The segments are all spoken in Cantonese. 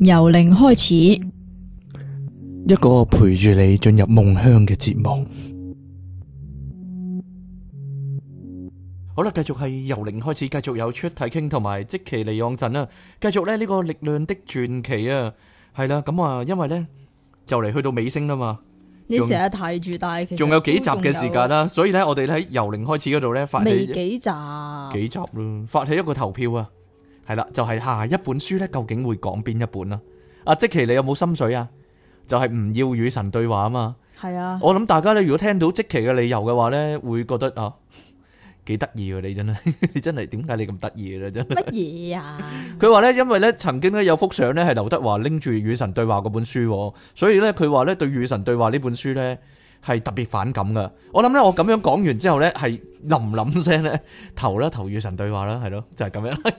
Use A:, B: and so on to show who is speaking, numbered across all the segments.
A: 由零開始，
B: 一個陪住你進入夢鄉嘅節目。好啦，繼續係由零開始，繼續有出體傾同埋即奇利昂神啊！繼續咧呢個力量的傳奇啊，係啦咁啊，因為咧就嚟，去到尾聲啦嘛。
A: 你成日睇住，但係仲有幾集嘅時間
B: 啦，所以咧我哋喺由零開始嗰度咧發起幾集幾集咯，發起一個投票啊！係啦，就係、是、下一本書咧，究竟會講邊一本啊？阿即奇，你有冇心水啊？就係、是、唔要與神對話啊嘛。係啊。我諗大家咧，如果聽到即奇嘅理由嘅話咧，會覺得啊，幾得意喎！你真係， 你真係，點解你咁得意咧？真係乜嘢啊？佢話咧，因為咧，曾經咧有幅相咧係劉德華拎住《與神對話》嗰本書，所以咧佢話咧對《與神對話》呢本書咧係特別反感噶。我諗咧，我咁樣講完之後咧，係冧冧聲咧投啦，投《與神對話》啦，係咯，就係、是、咁樣。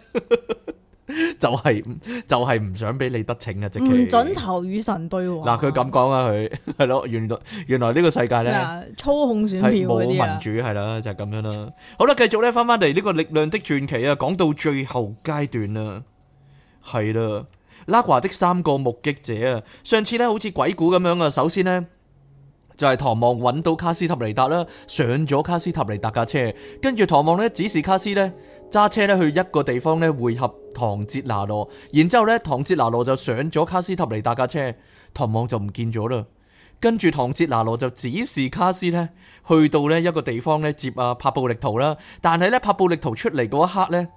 B: 就係就係唔想俾你得逞嘅啫，唔准
A: 投與神對話。嗱，
B: 佢咁講啊，佢係咯，原來原來呢個世界咧
A: 操控選票嗰啲啊，冇民
B: 主係啦，就係咁樣啦。好啦，繼續咧，翻翻嚟，呢個力量的傳奇啊，講到最後階段啦，係啦，Nagual 的三個目擊者啊，上次咧好似鬼故咁樣啊，首先咧。就係唐望搵到卡斯塔尼達啦，上咗卡斯塔尼達架車，跟住唐望咧指示卡斯咧揸車咧去一個地方咧匯合哲羅呢唐哲拿羅，然之後咧唐哲拿羅就上咗卡斯塔尼達架車，唐望就唔見咗啦，跟住唐哲拿羅就指示卡斯咧去到咧一個地方咧接阿、啊、帕布力圖啦，但係咧帕布力圖出嚟嗰一刻咧，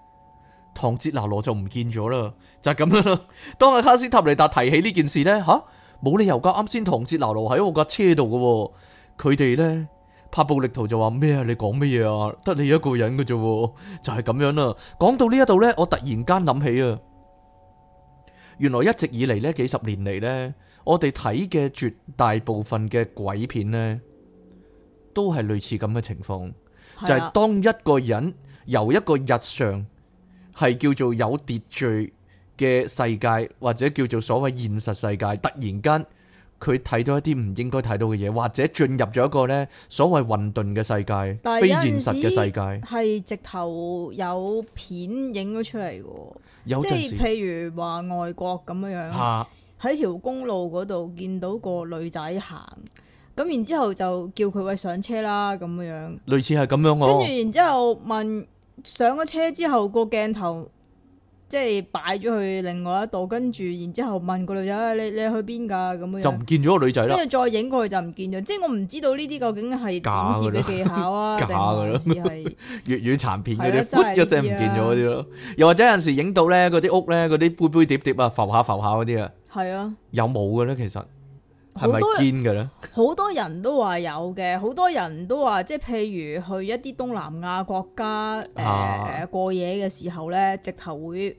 B: 唐哲拿羅就唔見咗啦，就係、是、咁樣咯。當阿卡斯塔尼達提起呢件事呢。吓、啊？冇理由噶，啱先唐哲流流喺我架車度噶、哦，佢哋呢，拍暴力圖就話咩啊？你講乜嘢啊？得你一個人噶啫、哦，就係、是、咁樣啦、啊。講到呢一度呢，我突然間諗起啊，原來一直以嚟呢幾十年嚟呢，我哋睇嘅絕大部分嘅鬼片呢，都係類似咁嘅情況，就係、是、當一個人由一個日常係叫做有秩序。嘅世界或者叫做所謂現實世界，突然間，佢睇到一啲唔應該睇到嘅嘢，或者進入咗一個咧所謂混沌嘅世界，非現實嘅世界，係
A: 直頭有片影咗出嚟嘅，即係譬如話外國咁樣樣，啊，喺條公路嗰度見到個女仔行，咁然之後就叫佢喂上車啦咁樣樣，
B: 類似係咁樣，嘅，跟住
A: 然之後問上咗車之後個鏡頭。即係擺咗去另外一度，跟住然之後問個女仔：你你去邊噶？咁樣就唔
B: 見咗個女仔咯。跟住
A: 再影過去，就唔見咗，即係我唔知道呢啲究竟係剪接嘅技巧啊，定
B: 係粵語殘片嗰啲，一成唔見咗嗰啲咯。又或者有陣時影到咧，嗰啲屋咧，嗰啲杯杯碟碟，碟啊，浮下浮下嗰啲啊。係啊。有冇嘅咧？其實有有。係咪堅嘅咧？好多人，
A: 好多人都話有嘅，好多人都話即係譬如去一啲東南亞國家誒、啊呃、過夜嘅時候咧，直頭會。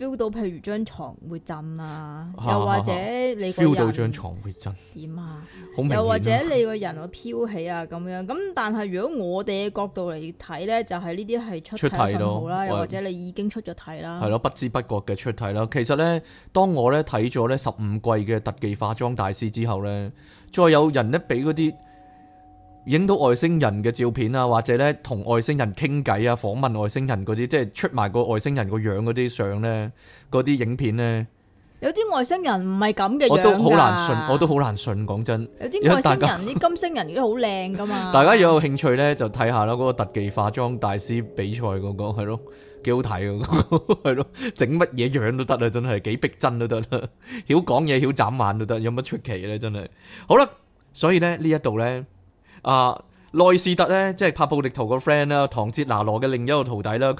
A: feel 到譬如張床會震啊，又或者你 feel 到
B: 張床會震點啊，又或者你
A: 個人、啊、會飄 起啊咁 樣。咁但係如果我哋嘅角度嚟睇咧，就係呢啲係出體信號啦，又或者你已經出咗體啦。係咯，
B: 不知不覺嘅出體啦。其實咧，當我咧睇咗咧十五季嘅特技化妝大師之後咧，再有人咧俾嗰啲。影到外星人嘅照片啊，或者咧同外星人傾偈啊，訪問外星人嗰啲，即係出埋個外星人個樣嗰啲相咧，嗰啲影片咧，
A: 有啲外星人唔係咁嘅樣噶。我都好難信，我
B: 都好難信。講真，有啲外星人啲
A: 金星人都好靚噶嘛。 大
B: 家有興趣咧，就睇下咯。嗰個特技化妝大師比賽嗰個係咯，幾好睇噶。嗰個係咯，整乜嘢樣都得啊，真係幾逼真都得啦。曉講嘢，曉眨眼都得，有乜出奇咧？真係好啦，所以咧呢一度咧。啊。內士特咧，即係帕布力圖個 friend 啦，唐哲拿羅嘅另一個徒弟啦。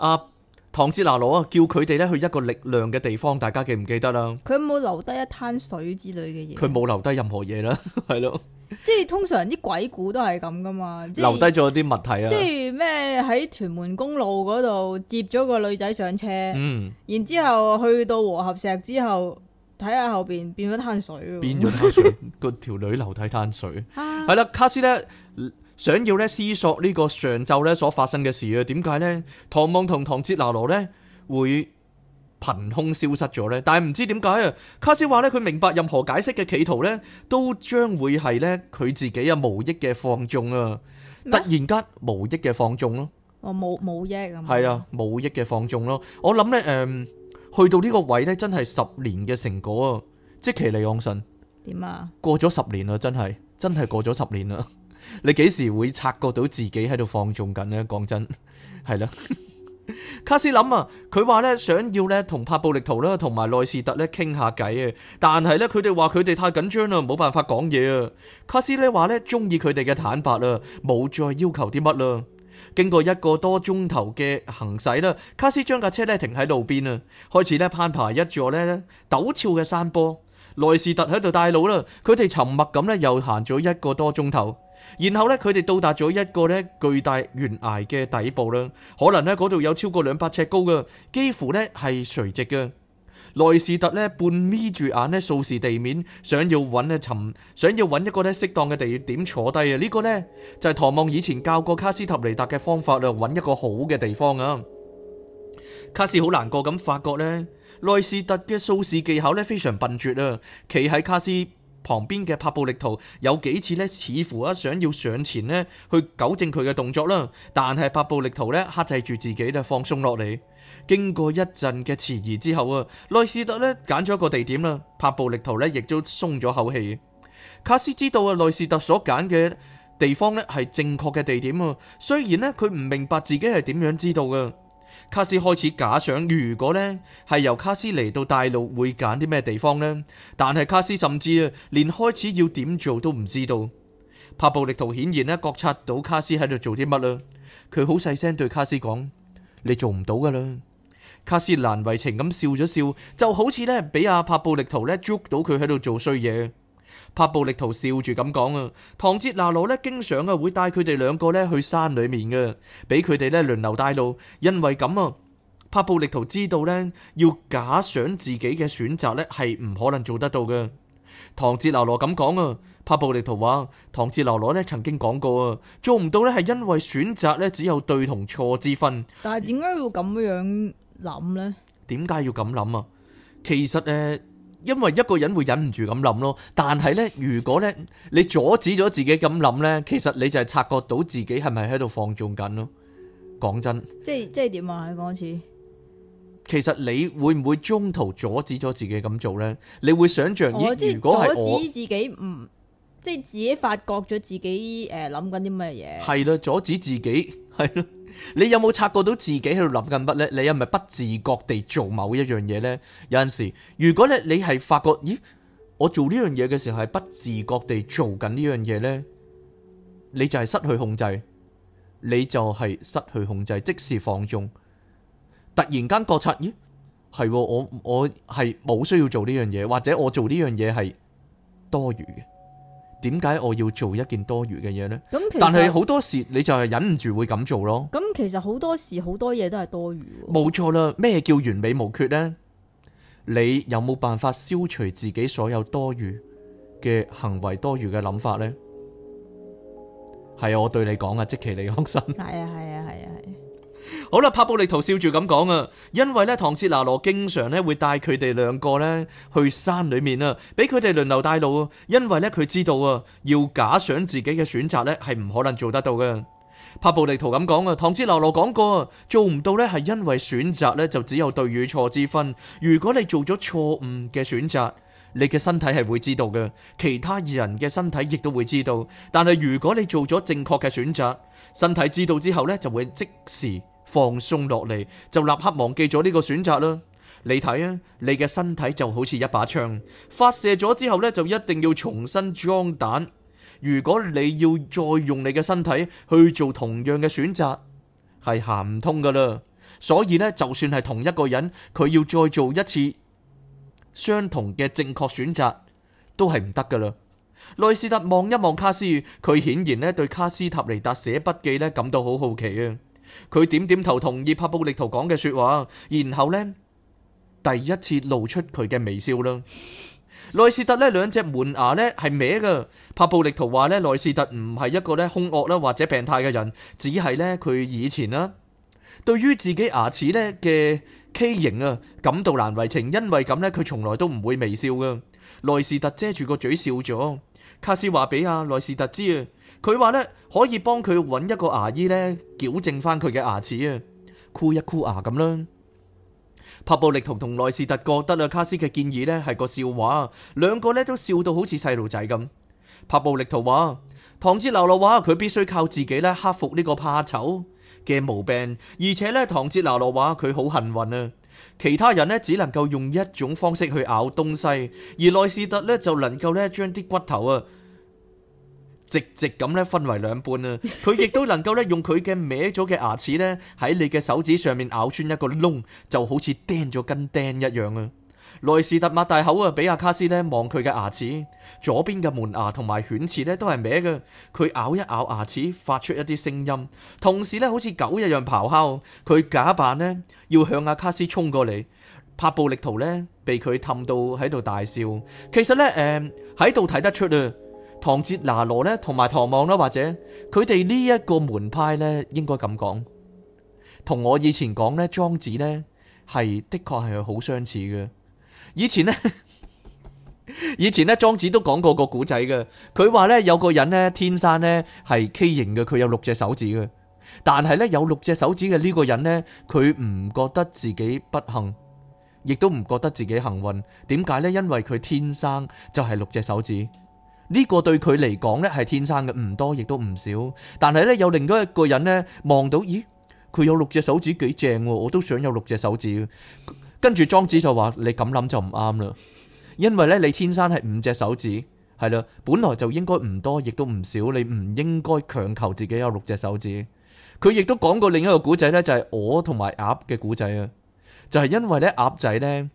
B: 阿唐捷拿羅啊，叫佢哋咧去一個力量嘅地方，大家記唔記得啦？
A: 佢冇留低一灘水之類嘅嘢？佢冇
B: 留低任何嘢啦，係 咯。
A: 即係通常啲鬼故都係咁噶嘛，即係留低
B: 咗啲物體啊。即係
A: 咩喺屯門公路嗰度接咗個女仔上車，嗯，然之後去到和合石之後睇下後邊變咗灘水，水。變咗灘
B: 水，個條女留低灘水。係啦，卡斯咧。想要咧思索呢個上晝咧所發生嘅事啊，點解咧唐望同唐哲拿羅咧會憑空消失咗咧？但係唔知點解啊？卡斯話咧佢明白任何解釋嘅企圖咧，都將會係咧佢自己啊無益嘅放縱啊！突然間無益嘅放縱咯，
A: 哦，冇冇益咁，
B: 係啊，無益嘅放縱咯。我諗咧，誒，去到呢個位咧，真係十年嘅成果啊！即其尼昂神點啊？過咗十年啦，真係真係過咗十年啦。你幾時會察覺到自己喺度放縱緊呢？講真係啦， 卡斯諗啊，佢話呢，想要呢，同帕布力圖啦，同埋內士特呢傾下偈啊，但係呢，佢哋話佢哋太緊張啦，冇辦法講嘢啊。卡斯呢話呢，中意佢哋嘅坦白啦，冇再要求啲乜啦。經過一個多鐘頭嘅行駛啦，卡斯將架車呢停喺路邊啊，開始呢攀爬一座呢陡峭嘅山坡。內士特喺度帶路啦，佢哋沉默咁呢，又行咗一個多鐘頭。然後呢，佢哋到達咗一個呢巨大懸崖嘅底部啦。可能呢嗰度有超過兩百尺高嘅，幾乎呢係垂直嘅。內士特呢半眯住眼呢掃視地面，想要揾呢尋，想要揾一個呢適當嘅地點坐低啊！呢、這個呢就係、是、唐望以前教過卡斯塔尼達嘅方法啦，揾一個好嘅地方啊！卡斯好難過咁發覺呢，內士特嘅掃視技巧呢非常笨拙啊！企喺卡斯旁邊嘅帕布力圖有幾次咧，似乎啊想要上前咧去糾正佢嘅動作啦，但係帕布力圖咧克制住自己就放鬆落嚟。經過一陣嘅遲疑之後啊，內士特咧揀咗一個地點啦，帕布力圖咧亦都鬆咗口氣。卡斯知道啊，內士特所揀嘅地方咧係正確嘅地點啊，雖然咧佢唔明白自己係點樣知道嘅。卡斯開始假想，如果呢係由卡斯嚟到大陸，會揀啲咩地方呢？但係卡斯甚至啊，連開始要點做都唔知道。帕布力圖顯然呢，覺察到卡斯喺度做啲乜啦。佢好細聲對卡斯講：你做唔到噶啦。卡斯難為情咁笑咗笑，就好似呢俾阿帕布力圖呢捉到佢喺度做衰嘢。帕布力圖笑住咁講啊，唐哲拿羅咧經常啊會帶佢哋兩個咧去山裏面嘅，俾佢哋咧輪流帶路。因為咁啊，帕布力圖知道咧要假想自己嘅選擇咧係唔可能做得到嘅。唐哲拿羅咁講啊，帕布力圖話唐哲拿羅咧曾經講過啊，做唔到咧係因為選擇咧只有對同錯之分。
A: 但係點解要咁樣諗咧？
B: 點解要咁諗啊？其實誒。因為一個人會忍唔住咁諗咯，但係咧，如果咧你阻止咗自己咁諗咧，其實你就係察覺到自己係咪喺度放縱緊咯。講真，
A: 即係即係點啊？你講次，
B: 其實你會唔會中途阻止咗自己咁做咧？你會想象以如果係我，阻
A: 止自己唔，即係自己發覺咗自己誒諗緊啲乜嘢？
B: 係啦，阻止自己。係咯， 你有冇察覺到自己喺度諗緊乜呢？你係咪不自覺地做某一樣嘢呢？有陣時，如果咧你係發覺，咦，我做呢樣嘢嘅時候係不自覺地做緊呢樣嘢呢，你就係失去控制，你就係失去控制，即時放縱，突然間覺察，咦，係、哦、我我係冇需要做呢樣嘢，或者我做呢樣嘢係多餘嘅。點解我要做一件多餘嘅嘢呢？但係好多時你就係忍唔住會咁做咯。
A: 咁其實好多時好多嘢都係多餘。
B: 冇錯啦，咩叫完美無缺呢？你有冇辦法消除自己所有多餘嘅行為、多餘嘅諗法呢？係啊，我對你講啊，即其你康身。係 啊，係啊，係啊，係、啊。好啦，帕布利圖笑住咁講啊，因為咧唐切拿羅經常咧會帶佢哋兩個咧去山裏面啊，俾佢哋輪流帶路啊。因為咧佢知道啊，要假想自己嘅選擇咧係唔可能做得到嘅。帕布利圖咁講啊，唐切拿羅講過啊，做唔到咧係因為選擇咧就只有對與錯之分。如果你做咗錯誤嘅選擇，你嘅身體係會知道嘅，其他人嘅身體亦都會知道。但係如果你做咗正確嘅選擇，身體知道之後咧就會即時放鬆落嚟，就立刻忘記咗呢個選擇啦。你睇啊，你嘅身體就好似一把槍，發射咗之後呢，就一定要重新裝彈。如果你要再用你嘅身體去做同樣嘅選擇，係行唔通噶啦。所以呢，就算係同一個人，佢要再做一次相同嘅正確選擇，都係唔得噶啦。內斯特望一望卡斯，佢顯然咧對卡斯塔尼達寫筆記呢感到好好奇啊。佢點點頭同意帕布力圖講嘅說話，然後呢，第一次露出佢嘅微笑啦。內 士特咧兩隻門牙咧係歪噶。帕布力圖話咧內士特唔係一個咧兇惡啦或者病態嘅人，只係呢，佢以前啦、啊、對於自己牙齒咧嘅畸形啊感到難為情，因為咁呢，佢從來都唔會微笑噶。內士特遮住個嘴笑咗。卡斯話俾阿內士特知啊。佢話咧可以幫佢揾一個牙醫呢矯正翻佢嘅牙齒啊，箍一箍牙咁啦。帕布力圖同內斯特覺得阿卡斯嘅建議呢係個笑話，兩個呢都笑到好似細路仔咁。帕布力圖話：唐哲流洛話佢必須靠自己咧克服呢個怕醜嘅毛病，而且呢，唐哲流洛話佢好幸運啊。其他人呢，只能夠用一種方式去咬東西，而內斯特呢，就能夠咧將啲骨頭啊。直直咁咧，席席分為兩半啊！佢亦都能夠咧，用佢嘅歪咗嘅牙齒咧，喺你嘅手指上面咬穿一個窿，就好似釘咗根釘一樣啊！萊士特擘大口啊，俾阿卡斯咧望佢嘅牙齒，左邊嘅門牙同埋犬齒咧都係歪嘅。佢咬一咬牙齒，發出一啲聲音，同時咧好似狗一樣咆哮。佢假扮呢，要向阿卡斯衝過嚟，拍暴力圖咧被佢氹到喺度大笑。其實咧誒喺度睇得出啊！唐哲拿羅咧，同埋唐望啦，或者佢哋呢一個門派咧，應該咁講，同我以前講咧，莊子咧係的確係好相似嘅。以前呢，以前咧，莊子都講過個古仔嘅。佢話咧，有個人咧，天生咧係畸形嘅，佢有六隻手指嘅。但係咧，有六隻手指嘅呢個人咧，佢唔覺得自己不幸，亦都唔覺得自己幸運。點解呢？因為佢天生就係六隻手指。呢個對佢嚟講咧係天生嘅，唔多亦都唔少。但係咧，有另外一個人咧望到，咦，佢有六隻手指幾正，我都想有六隻手指。跟住莊子就話：你咁諗就唔啱啦，因為咧你天生係五隻手指，係啦，本來就應該唔多亦都唔少，你唔應該強求自己有六隻手指。佢亦都講過另一個古仔咧，就係我同埋鴨嘅古仔啊，就係因為咧鴨仔咧。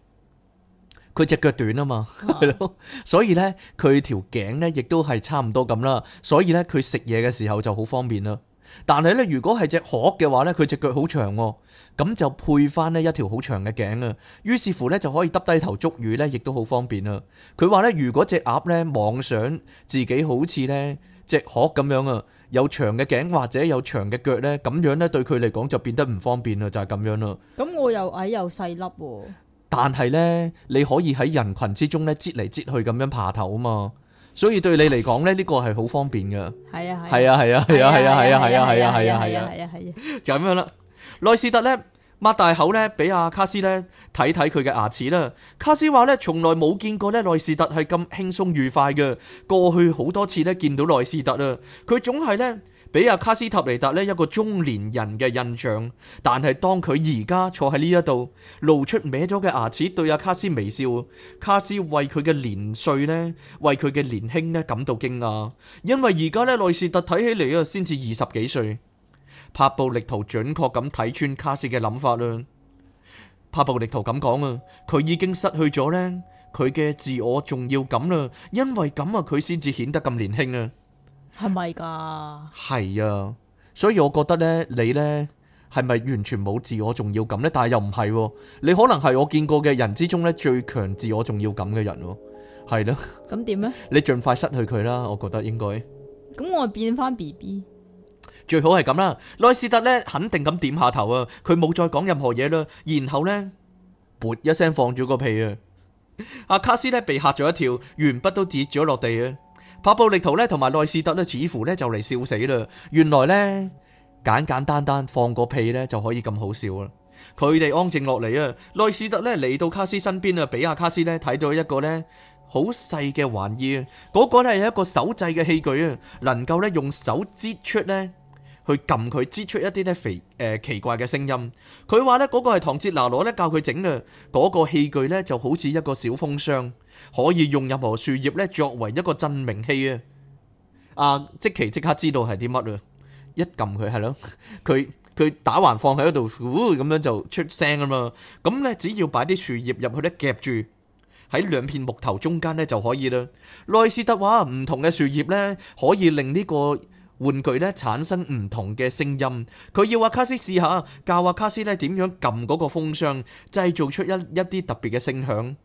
B: 佢隻腳短啊嘛，係咯、啊， 所以咧佢條頸咧亦都係差唔多咁啦，所以咧佢食嘢嘅時候就好方便啦。但係咧，如果係隻鶴嘅話咧，佢隻腳好長喎，咁就配翻呢一條好長嘅頸啊，於是乎咧就可以耷低頭捉魚咧，亦都好方便啊。佢話咧，如果隻鴨咧妄想自己好似咧隻鶴咁樣啊，有長嘅頸或者有長嘅腳咧，咁樣咧對佢嚟講就變得唔方便啦，就係、是、咁樣啦。
A: 咁我又矮又細粒喎、哦。
B: 但係呢，你可以喺人群之中呢擠嚟擠去咁樣爬頭啊嘛！所以對你嚟講呢，呢 個係好方便噶。係啊係，係啊係啊係啊係啊係啊係啊係啊係啊係啊係啊啊，就咁樣啦。內斯特呢，擘大口呢，俾阿卡斯呢睇睇佢嘅牙齒啦。卡斯話呢，從來冇見過呢內斯特係咁輕鬆愉快嘅。過去好多次呢見到內斯特啊，佢總係呢。俾阿卡斯塔尼達呢一個中年人嘅印象，但係當佢而家坐喺呢一度，露出歪咗嘅牙齒，對阿卡斯微笑，卡斯為佢嘅年歲呢，為佢嘅年輕呢感到驚訝，因為而家呢，內士特睇起嚟啊，先至二十幾歲。帕布力圖準確咁睇穿卡斯嘅諗法啦，帕布力圖咁講啊，佢已經失去咗呢佢嘅自我重要感啦，因為咁啊，佢先至顯得咁年輕啊。
A: 係咪噶？
B: 係啊，所以我覺得呢，你呢，係咪完全冇自我重要感呢？但係又唔係、啊，你可能係我見過嘅人之中呢，最強自我重要感嘅人、啊，係咯、啊。咁點咧？ 你盡快失去佢啦，我覺得應該。
A: 咁我變翻 B B，
B: 最好係咁啦。奈斯特呢，肯定咁點下頭啊，佢冇再講任何嘢啦。然後呢，噗一聲放咗個屁啊！阿、啊、卡斯呢，被嚇咗一跳，鉛筆都跌咗落地啊！法布力圖咧，同埋內斯特咧，似乎咧就嚟笑死啦！原來咧簡簡單單，單放個屁咧就可以咁好笑啦！佢哋安靜落嚟啊！內斯特咧嚟到卡斯身邊啊，俾阿卡斯咧睇到一個咧好細嘅玩意，嗰個咧係一個手製嘅器具啊，能夠咧用手摺出咧。去撳佢，擠出一啲啲肥誒奇怪嘅聲音。佢話咧嗰個係唐哲拿羅咧教佢整嘅嗰個器具咧，就好似一個小風箱，可以用任何樹葉咧作為一個振鳴器啊！阿即其即刻知道係啲乜啊！一撳佢係咯，佢佢打橫放喺嗰度，咁樣就出聲啊嘛！咁咧只要擺啲樹葉入去咧，夾住喺兩片木頭中間咧就可以啦。內斯特話唔同嘅樹葉咧，可以令呢個玩具咧，產生唔同嘅聲音，佢要阿卡斯試下，教阿卡斯咧，點樣撳嗰個風箱，製造出一一啲特別嘅聲響。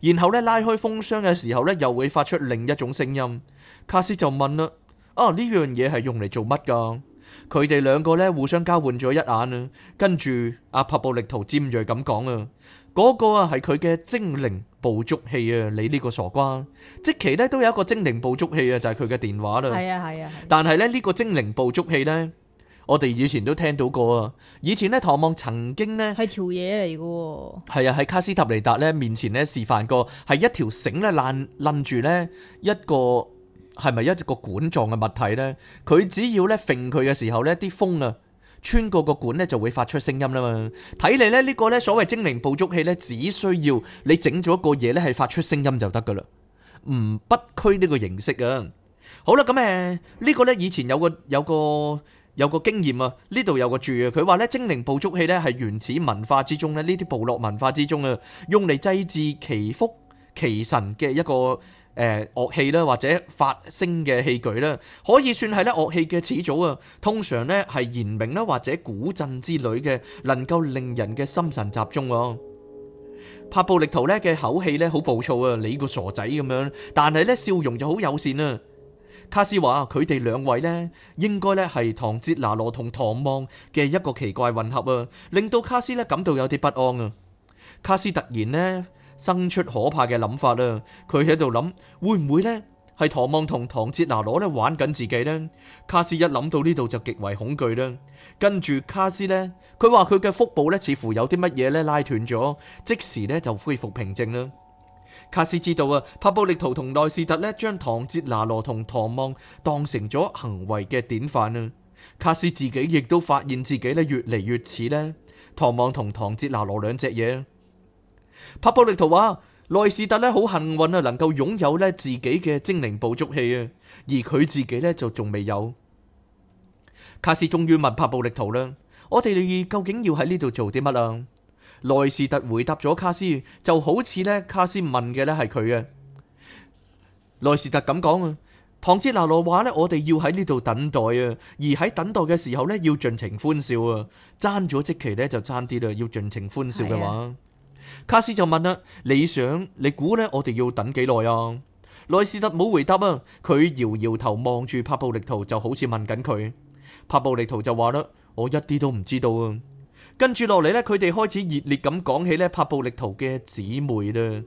B: 然後咧，拉開風箱嘅時候咧，又會發出另一種聲音。卡斯就問啦：啊呢樣嘢係用嚟做乜噶？佢哋兩個咧，互相交換咗一眼啦，跟住阿帕布力圖尖銳咁講啊。嗰個啊係佢嘅精靈捕捉器啊！你呢個傻瓜，即其咧都有一個精靈捕捉器啊，就係佢嘅電話啦。係啊係啊。但係咧呢個精靈捕捉器咧，我哋以前都聽到過啊。以前咧唐望曾經咧係條嘢嚟㗎。係啊，喺卡斯塔尼達咧面前咧示範過，係一條繩咧攣攣住咧一個係咪一個管狀嘅物體咧？佢只要咧揈佢嘅時候咧，啲風啊！穿過個管咧就會發出聲音啦嘛，睇嚟咧呢個咧所謂精靈捕捉器咧只需要你整咗一個嘢咧係發出聲音就得噶啦，唔不拘呢個形式啊。好啦，咁誒呢個咧以前有個有個有個經驗啊，呢度有個注啊，佢話咧精靈捕捉器咧係原始文化之中咧呢啲部落文化之中啊，用嚟祭祀祈福祈神嘅一個。誒樂器啦，或者發聲嘅器具啦，可以算係咧樂器嘅始祖啊。通常咧係弦鳴啦，或者古鎮之類嘅，能夠令人嘅心神集中啊。帕布力圖咧嘅口氣咧好暴躁啊，你個傻仔咁樣。但係咧笑容就好友善啊。卡斯話：佢哋兩位咧應該咧係唐哲拿羅同唐望嘅一個奇怪混合啊，令到卡斯咧感到有啲不安啊。卡斯突然咧。生出可怕嘅諗法啦，佢喺度諗會唔會呢？係唐望同唐哲拿羅咧玩緊自己呢？卡斯一諗到呢度就極為恐懼啦。跟住卡斯呢，佢話佢嘅腹部咧似乎有啲乜嘢呢拉斷咗，即時呢就恢復平靜啦。卡斯知道啊，帕布力圖同奈斯特呢將唐哲拿羅同唐望當成咗行為嘅典範啊。卡斯自己亦都發現自己呢越嚟越似呢唐望同唐哲拿羅兩隻嘢。帕布力圖話：內士特咧好幸運啊，能夠擁有咧自己嘅精靈捕捉器啊，而佢自己咧就仲未有。卡斯終於問帕布力圖啦：我哋究竟要喺呢度做啲乜啊？內士特回答咗卡斯，就好似咧卡斯問嘅咧係佢啊。內士特咁講啊，唐哲拿羅話咧：我哋要喺呢度等待啊，而喺等待嘅時候咧，要盡情歡笑啊！爭咗即期咧就爭啲啦，要盡情歡笑嘅話。卡斯就問啦：你想你估呢？我哋要等幾耐啊？內士特冇回答啊，佢搖搖頭望住帕布力圖，就好似問緊佢。帕布力圖就話啦：我一啲都唔知道啊。跟住落嚟呢，佢哋開始熱烈咁講起呢帕布力圖嘅姊妹啦。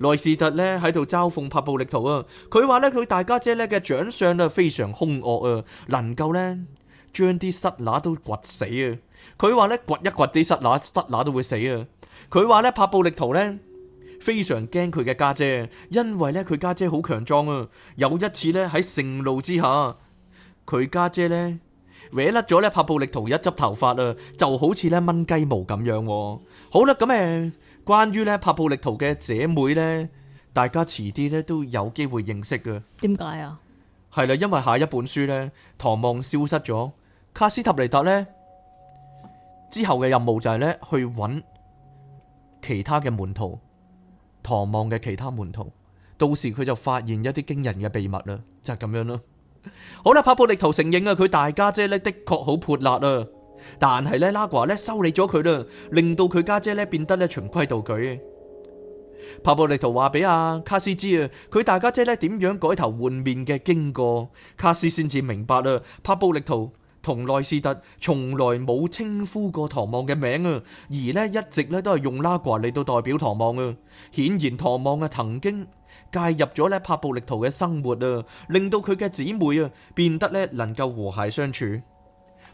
B: 內士特呢喺度嘲諷帕布力圖啊，佢話呢，佢大家姐呢嘅長相啊非常凶惡啊，能夠呢將啲塞乸都掘死啊。佢話呢，掘一掘啲塞乸，塞乸都會死啊。佢話咧帕布力圖呢，非常驚佢嘅家姐，因為咧佢家姐好強壯啊。有一次呢，喺盛怒之下，佢家姐呢，歪甩咗咧帕布力圖一執頭髮啊，就好似咧蚊雞毛咁樣。好啦，咁誒，關於咧帕布力圖嘅姐妹呢，大家遲啲呢都有機會認識嘅。點解啊？係啦，因為下一本書呢，唐望消失咗，卡斯塔尼達呢，之後嘅任務就係呢去揾，其他嘅門徒，唐望嘅其他門徒，到時佢就發現一啲驚人嘅秘密啦，就係咁樣啦。好啦，帕布力圖承認啊，佢大家姐呢，的確好潑辣啊，但係咧拉瓜呢，修理咗佢啦，令到佢家姐呢，變得咧循規蹈矩。帕布力圖話俾阿卡斯知啊，佢大家姐呢，點樣改頭換面嘅經過，卡斯先至明白啊。帕布力圖。從內斯特從來冇稱呼過唐望嘅名啊，而咧一直咧都係用拉瓜嚟到代表唐望啊。顯然唐望啊曾經介入咗咧帕布力圖嘅生活啊，令到佢嘅姊妹啊變得咧能夠和諧相處。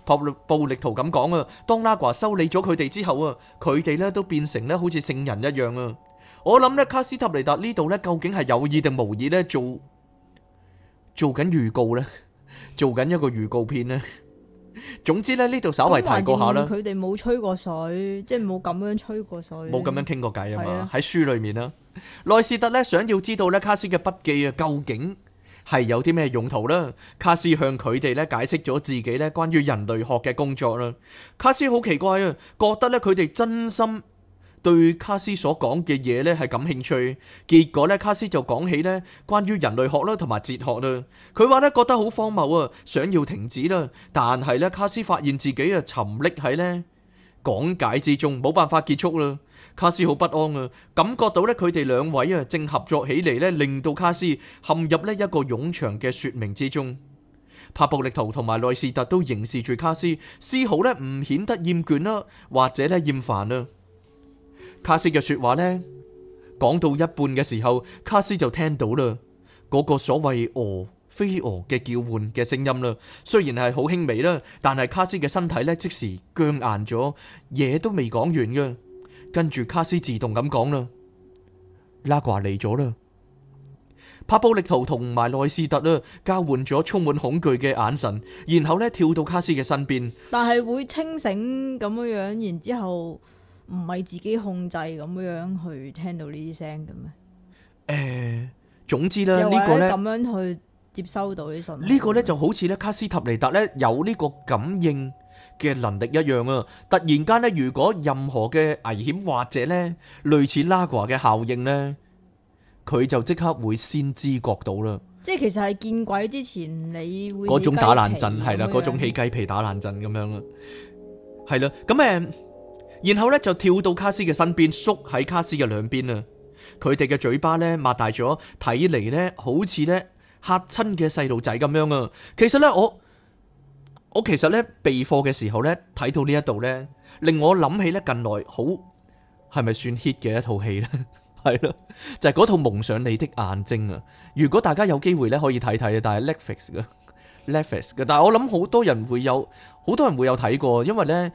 B: 帕布力圖咁講啊，當拉瓜修理咗佢哋之後啊，佢哋咧都變成咧好似聖人一樣啊。我諗咧卡斯塔尼達呢度咧究竟係有意定無意咧做做緊預告咧，做緊一個預告片咧。總之咧，呢度稍微提過下啦。佢
A: 哋冇吹過水，即係冇咁樣吹過水，冇咁樣
B: 傾過偈啊嘛。喺是的 書裏面啦，內斯特咧想要知道咧卡斯嘅筆記啊，究竟係有啲咩用途啦？卡斯向佢哋咧解釋咗自己咧關於人類學嘅工作啦。卡斯好奇怪啊，覺得咧佢哋真心。對卡斯所講嘅嘢咧係感興趣，結果咧卡斯就講起咧關於人類學啦同埋哲學啦，佢話咧覺得好荒謬啊，想要停止啦，但係咧卡斯發現自己啊沉溺喺咧講解之中，冇辦法結束啦。卡斯好不安啊，感覺到咧佢哋兩位啊正合作起嚟咧，令到卡斯陷入咧一個冗長嘅說明之中。帕布力圖同埋內士特都凝視住卡斯，絲毫咧唔顯得厭倦啦，或者咧厭煩啊。卡斯嘅說話咧，講到一半嘅時候，卡斯就聽到啦，嗰個所謂鵝飛鵝嘅叫喚嘅聲音啦。雖然係好輕微啦，但係卡斯嘅身體咧即時僵硬咗，嘢都未講完嘅。跟住卡斯自動咁講啦，拉瓜嚟咗啦。帕布力圖同埋內斯特啦，交換咗充滿恐懼嘅眼神，然後咧跳到卡斯嘅身邊。
A: 但係會清醒咁樣樣，然之後。唔係自己控制咁樣去聽到呢啲聲嘅咩？
B: 誒、呃，總之咧呢個咧咁
A: 樣去接收到呢信息。呢個
B: 咧就好似咧卡斯塔尼達咧有呢個感應嘅能力一樣啊！突然間咧，如果任何嘅危險或者咧類似拉瓜嘅效應咧，佢就即刻會先知覺到啦。
A: 即係其實係見鬼之前你會嗰種打冷震係啦，嗰樣種起
B: 雞皮打冷震咁樣啦，係啦咁誒。然後咧就跳到卡斯嘅身邊，縮喺卡斯嘅兩邊啊！佢哋嘅嘴巴咧擘大咗，睇嚟咧好似咧嚇親嘅細路仔咁樣啊！其實咧我我其實咧備課嘅時候咧睇到呢一度咧，令我諗起咧近來好係咪算 hit 嘅一套戲咧？係 咯，就係、是、嗰套《蒙上你的眼睛》啊！如果大家有機會咧可以睇睇啊，但係 Netflix 嘅 Netflix 嘅，但係我諗好多人會有好多人會有睇過，因為咧。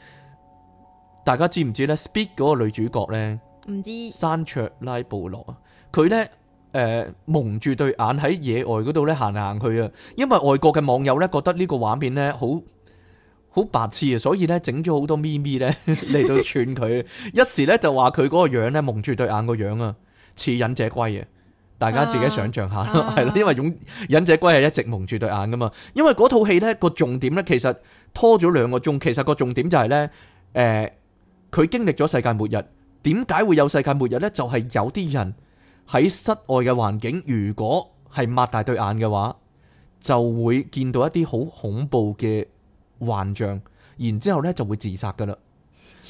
B: 大家知唔知咧 Speed 嗰個女主角咧，唔知山卓拉布羅啊，佢咧誒蒙住對眼喺野外嗰度咧行行去啊！因為外國嘅網友咧覺得呢個畫面咧好好白痴啊，所以咧整咗好多咪咪咧嚟到串佢， 一時咧就話佢嗰個樣咧蒙住對眼個樣啊，似忍者龜啊！大家自己想象下啦，係啦，啊， 因為忍忍者龜係一直蒙住對眼噶嘛。因為嗰套戲咧個重點咧其實拖咗兩個鐘，其實個重點就係咧誒。呃佢經歷咗世界末日，點解會有世界末日呢？就係有啲人喺室外嘅環境，如果係擘大對眼嘅話，就會見到一啲好恐怖嘅幻象，然之後呢就會自殺噶啦。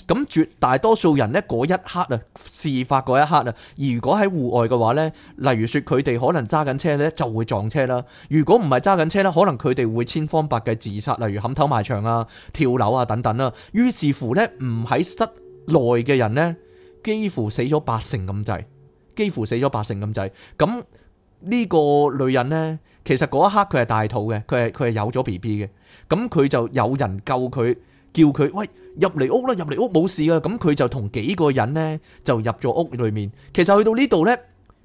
B: 咁絕大多數人呢嗰一刻啊，事發嗰一刻啊，如果喺戶外嘅話呢，例如說佢哋可能揸緊車呢，就會撞車啦。如果唔係揸緊車呢，可能佢哋會千方百計自殺，例如冚頭埋牆啊、跳樓啊等等啦、啊。於是乎呢，唔喺室內嘅人呢，幾乎死咗八成咁滯，幾乎死咗八成咁滯。咁呢個女人呢，其實嗰一刻佢係大肚嘅，佢係佢係有咗 B B 嘅。咁佢就有人救佢。叫佢，喂，入嚟屋啦，入嚟屋冇事噶，咁佢就同幾個人呢，就入咗屋裏面。其實去到呢度呢，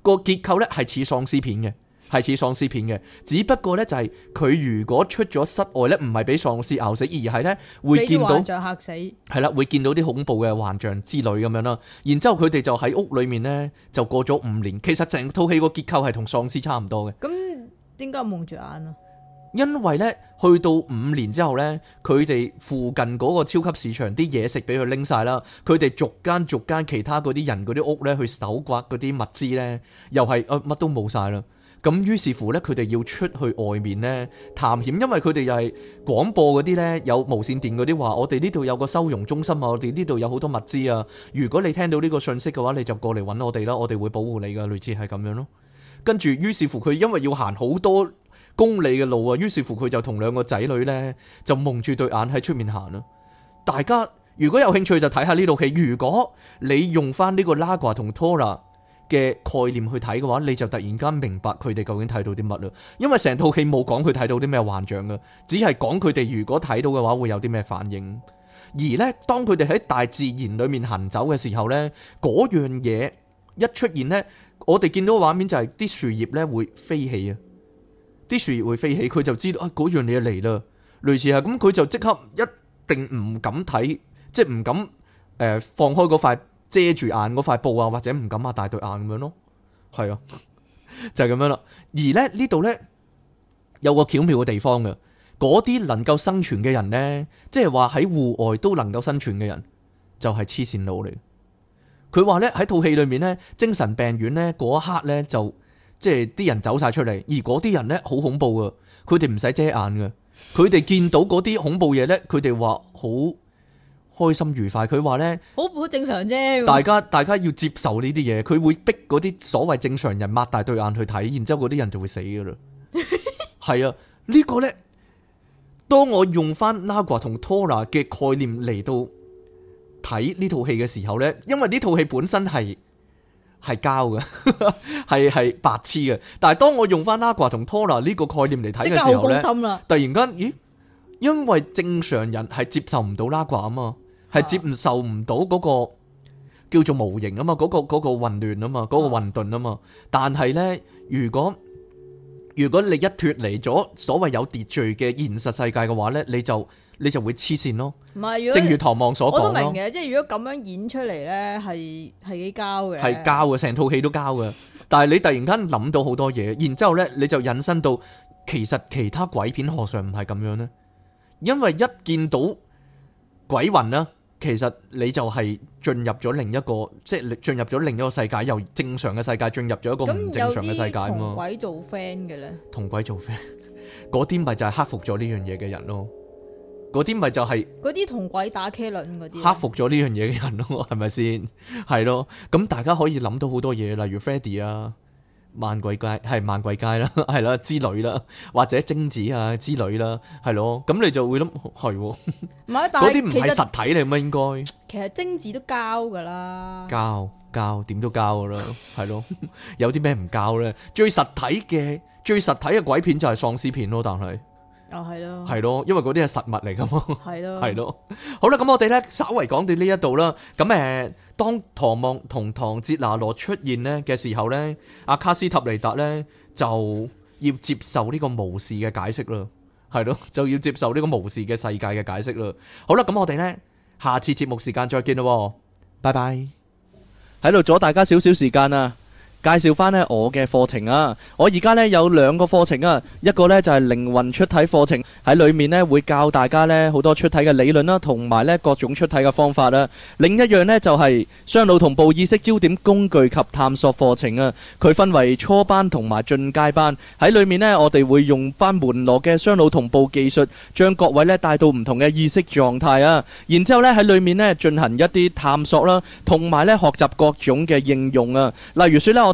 B: 個結構呢係似喪屍片嘅，係似喪屍片嘅，只不過呢，就係佢如果出咗室外呢，唔係俾喪屍咬死，而係呢會見到
A: 幻象，吓死，
B: 係啦會見到啲恐怖嘅幻象之類咁樣咯。然之後佢哋就喺屋裏面呢，就過咗五年。其實成套戲個結構係同喪屍差唔多嘅。
A: 咁點解蒙住眼啊？
B: 因為呢，去到五年之後呢，佢哋附近嗰個超級市場啲嘢食俾佢拎晒啦，佢哋逐間逐間其他嗰啲人嗰啲屋呢，去搜刮嗰啲物資呢，又係乜、呃、都冇晒啦。咁於是乎呢，佢哋要出去外面呢，探險，因為佢哋又係廣播嗰啲呢，有無線電嗰啲話，我哋呢度有個收容中心啊，我哋呢度有好多物資啊。如果你聽到呢個訊息嘅話，你就過嚟揾我哋啦，我哋會保護你㗎，類似係咁樣咯。跟住於是乎佢因為要行好多公里嘅路啊，於是乎佢就同兩個仔女呢，就蒙住對眼喺出面行啦。大家如果有興趣就睇下呢套戲。如果你用翻呢個拉掛同拖拉嘅概念去睇嘅話，你就突然間明白佢哋究竟睇到啲乜啦。因為成套戲冇講佢睇到啲咩幻象噶，只係講佢哋如果睇到嘅話會有啲咩反應。而呢，當佢哋喺大自然裏面行走嘅時候呢，嗰樣嘢一出現呢，我哋見到畫面就係啲樹葉呢會飛起啊。啲樹葉會飛起，佢就知道啊，嗰樣嘢嚟啦。類似係咁，佢就即刻一定唔敢睇，即係唔敢誒、呃、放開嗰塊遮住眼嗰塊布啊，或者唔敢擘大對眼咁樣咯。係啊，就係、是、咁樣啦。而咧呢度咧有個巧妙嘅地方嘅，嗰啲能夠生存嘅人咧，即係話喺戶外都能夠生存嘅人，就係黐線佬嚟。佢話咧喺套戲裏面咧，精神病院咧嗰一刻咧就。即係啲人走晒出嚟，而嗰啲人呢，好恐怖噶，佢哋唔使遮眼噶，佢哋見到嗰啲恐怖嘢呢，佢哋話好開心愉快，佢話呢：「
A: 好好正常啫。大
B: 家大家要接受呢啲嘢，佢會逼嗰啲所謂正常人擘大對眼去睇，然之後嗰啲人就會死噶啦。係啊， 呢、這個呢，當我用翻 Nagual 同 Torra 嘅概念嚟到睇呢套戲嘅時候呢，因為呢套戲本身係。係膠嘅，係係 白痴嘅。但係當我用翻拉掛同拖拿呢個概念嚟睇嘅時候咧，突然間，咦？因為正常人係接受唔到拉掛啊嘛，係接唔受唔到嗰個叫做模型啊嘛，嗰、嗰個、嗰個混亂啊嘛，嗰、嗰個混沌啊嘛。但係咧，如果如果你一脫離咗所謂有秩序嘅現實世界嘅話咧，你就你就會黐線咯，正如唐望所講咯。我都明
A: 嘅，即係如果咁樣演出嚟咧，係係幾交嘅。係交
B: 嘅，成套戲都交嘅。但係你突然間諗到好多嘢，然之後咧，你就引申到其實其他鬼片何嘗唔係咁樣咧？因為一見到鬼魂咧，其實你就係進入咗另一個，即係進入咗另一個世界，由正常嘅世界進入咗一個唔正常嘅世界。咁有啲同鬼
A: 做 friend 嘅咧，
B: 同鬼做 friend，嗰啲咪就係克服咗呢樣嘢嘅人咯。嗰啲咪就係
A: 嗰啲同鬼打茄輪嗰啲，克服
B: 咗呢樣嘢嘅人咯，係咪先？係咯，咁大家可以諗到好多嘢，例如 Freddy 啊、猛鬼街係猛鬼街啦，係啦之類啦，或者貞子啊之類啦，係咯，咁你就會諗係喎。唔
A: 係，但係嗰啲唔係實
B: 體嚟咩？應該
A: 其實貞子都交㗎啦，
B: 交交點都交㗎啦，係 咯。有啲咩唔交咧？最實體嘅最實體嘅鬼片就係喪屍片咯，但係。啊，係咯。哦，係咯，因為嗰啲係實物嚟噶嘛，係咯了，係咯， 好啦，咁我哋咧，稍微講到呢一度啦，咁誒，當唐望同唐哲拿羅出現呢嘅時候咧，阿卡斯塔尼達咧就要接受呢個巫師嘅解釋啦，係咯，就要接受呢個巫師嘅世界嘅解釋啦，好啦，咁我哋咧，下次節目時間再見啦，拜拜，喺度阻大家少少時間啊。介紹翻呢我嘅課程啊！我而家呢有兩個課程啊，一個呢就係靈魂出體課程，喺裏面呢會教大家呢好多出體嘅理論啦，同埋呢各種出體嘅方法啊。另一樣呢就係雙腦同步意識焦點工具及探索課程啊。佢分為初班同埋進階班，喺裏面呢我哋會用翻門羅嘅雙腦同步技術，將各位呢帶到唔同嘅意識狀態啊。然之後呢喺裏面呢進行一啲探索啦，同埋呢學習各種嘅應用啊。例如説呢我。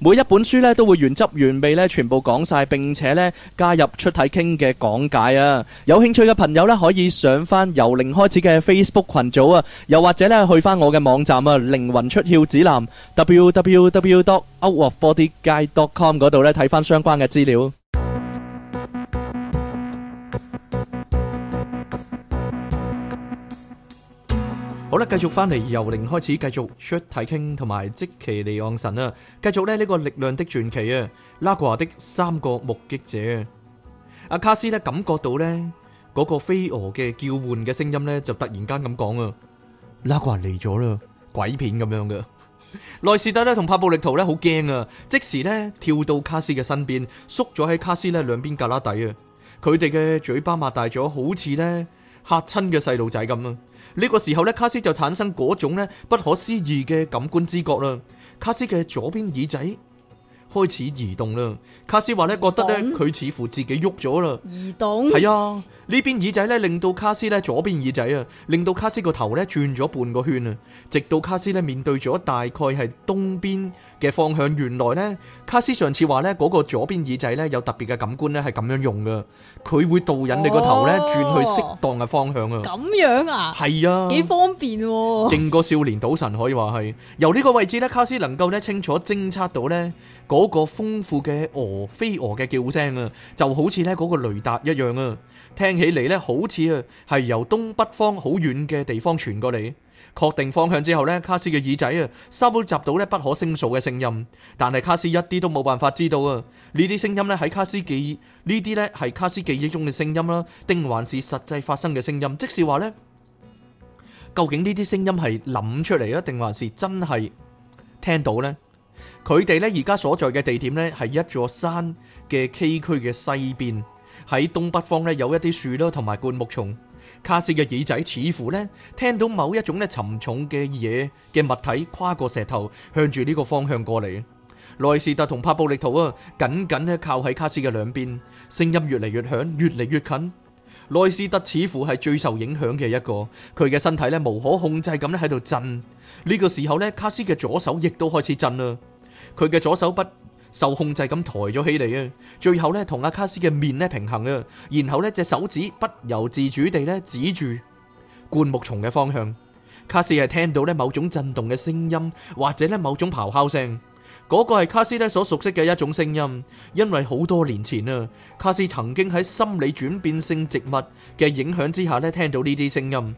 B: 每一本書咧都會原汁原味咧全部講晒，並且咧加入出體傾嘅講解啊！有興趣嘅朋友咧可以上翻由零開始嘅 Facebook 群組啊，又或者咧去翻我嘅網站啊靈魂出竅指南 www.outofbodyguide.com 嗰度咧睇翻相關嘅資料。好啦，繼續翻嚟由零開始，繼續出體傾同埋即其利昂神啊！繼續咧呢個力量的傳奇啊！拉古華的三個目擊者啊，阿卡斯咧感覺到呢嗰，那個飛蛾嘅叫喚嘅聲音呢，就突然間咁講啊！拉古華嚟咗啦，鬼片咁樣嘅！ 內士弟咧同帕布力圖咧好驚啊，即時呢跳到卡斯嘅身邊，縮咗喺卡斯咧兩邊胳肋底啊！佢哋嘅嘴巴擘大咗，好似呢嚇親嘅細路仔咁啊！呢個時候呢，卡斯就產生嗰種呢不可思議嘅感官知覺喇。卡斯嘅左邊耳仔，開始移動啦，卡斯話咧移動？覺得咧佢似乎自己喐咗啦，移
A: 動？係啊，邊
B: 呢邊耳仔咧令到卡斯咧左邊耳仔啊，令到卡斯個頭咧轉咗半個圈啊，直到卡斯咧面對咗大概係東邊嘅方向。原來呢，卡斯上次話咧嗰個左邊耳仔咧有特別嘅感官咧係咁樣用噶，佢會導引你個頭咧轉、哦、去適當嘅方向啊。咁
A: 樣啊？係啊，幾方便喎、啊，勁
B: 過少年賭神可以話係。由呢個位置咧，卡斯能夠咧清楚偵測到呢。嗰個豐富嘅鵝飛鵝嘅叫聲啊，就好似咧嗰個雷達一樣啊，聽起嚟咧好似啊係由東北方好遠嘅地方傳過嚟。確定方向之後咧，卡斯嘅耳仔啊收集到咧不可勝數嘅聲音，但係卡斯一啲都冇辦法知道啊呢啲聲音咧喺卡斯記憶呢啲咧係卡斯記憶中嘅聲音啦，定還是實際發生嘅聲音？即係話咧，究竟呢啲聲音係諗出嚟啊，定還是真係聽到咧？佢哋咧而家所在嘅地點咧係一座山嘅崎嶇嘅西邊，喺東北方咧有一啲樹啦同埋灌木叢。卡斯嘅耳仔似乎咧聽到某一種咧沉重嘅嘢嘅物體跨過石頭向住呢個方向過嚟。內斯特同帕布力圖啊，緊緊咧靠喺卡斯嘅兩邊。聲音越嚟越響，越嚟越近。內斯特似乎係最受影響嘅一個，佢嘅身體咧無可控制咁咧喺度震。呢、這個時候咧，卡斯嘅左手亦都開始震啦。佢嘅左手不受控制咁抬咗起嚟啊，最後咧同阿卡斯嘅面咧平衡啊，然後咧隻手指不由自主地咧指住灌木叢嘅方向。卡斯係聽到咧某種震動嘅聲音，或者咧某種咆哮聲。嗰、這個係卡斯咧所熟悉嘅一種聲音，因為好多年前啊，卡斯曾經喺心理轉變性植物嘅影響之下咧聽到呢啲聲音。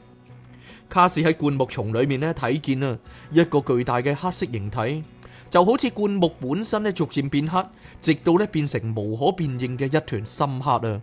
B: 卡斯喺灌木叢裏面咧睇見啊一個巨大嘅黑色形體。就好似灌木本身呢逐漸變黑，直到呢變成無可辨認嘅一團深黑。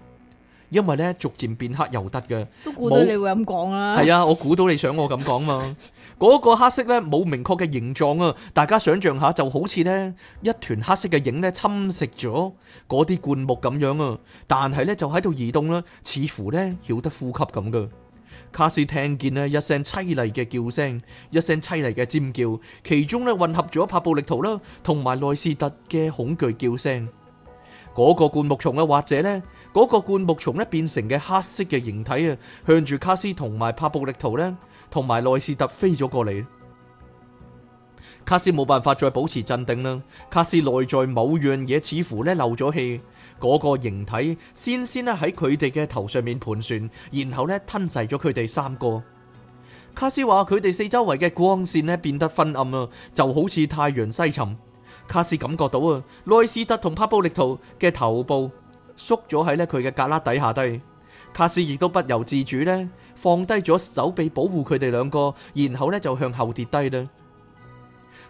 B: 因為呢逐漸變黑，又得嘅，都估到你
A: 會咁講呀，係呀，
B: 我估到你想我咁講嘛。嗰個黑色呢冇明確嘅形狀呀，大家想象下，就好似呢一團黑色嘅影呢侵蝕咗嗰啲灌木咁樣呀，但係呢就喺度移動，似乎呢曉得呼吸咁㗎。 卡斯聽見呢一聲淒厲嘅叫聲，一聲淒厲嘅尖叫，其中呢混合咗帕布力圖啦，同埋內斯特嘅恐懼叫聲。嗰、那個灌木叢嘅或者呢，嗰、那個灌木叢呢變成嘅黑色嘅形體啊，向住卡斯同埋帕布力圖呢，同埋內斯特飛咗過嚟。卡斯冇辦法再保持鎮定啦，卡斯內在某樣嘢似乎咧漏咗氣，嗰、那個形體先先咧喺佢哋嘅頭上面盤旋，然後咧吞噬咗佢哋三個。卡斯話佢哋四周圍嘅光線咧變得昏暗啦，就好似太陽西沉。卡斯感覺到啊，內斯特同帕布力圖嘅頭部縮咗喺咧佢嘅夾拉底下低，卡斯亦都不由自主咧放低咗手臂保護佢哋兩個，然後咧就向後跌低啦。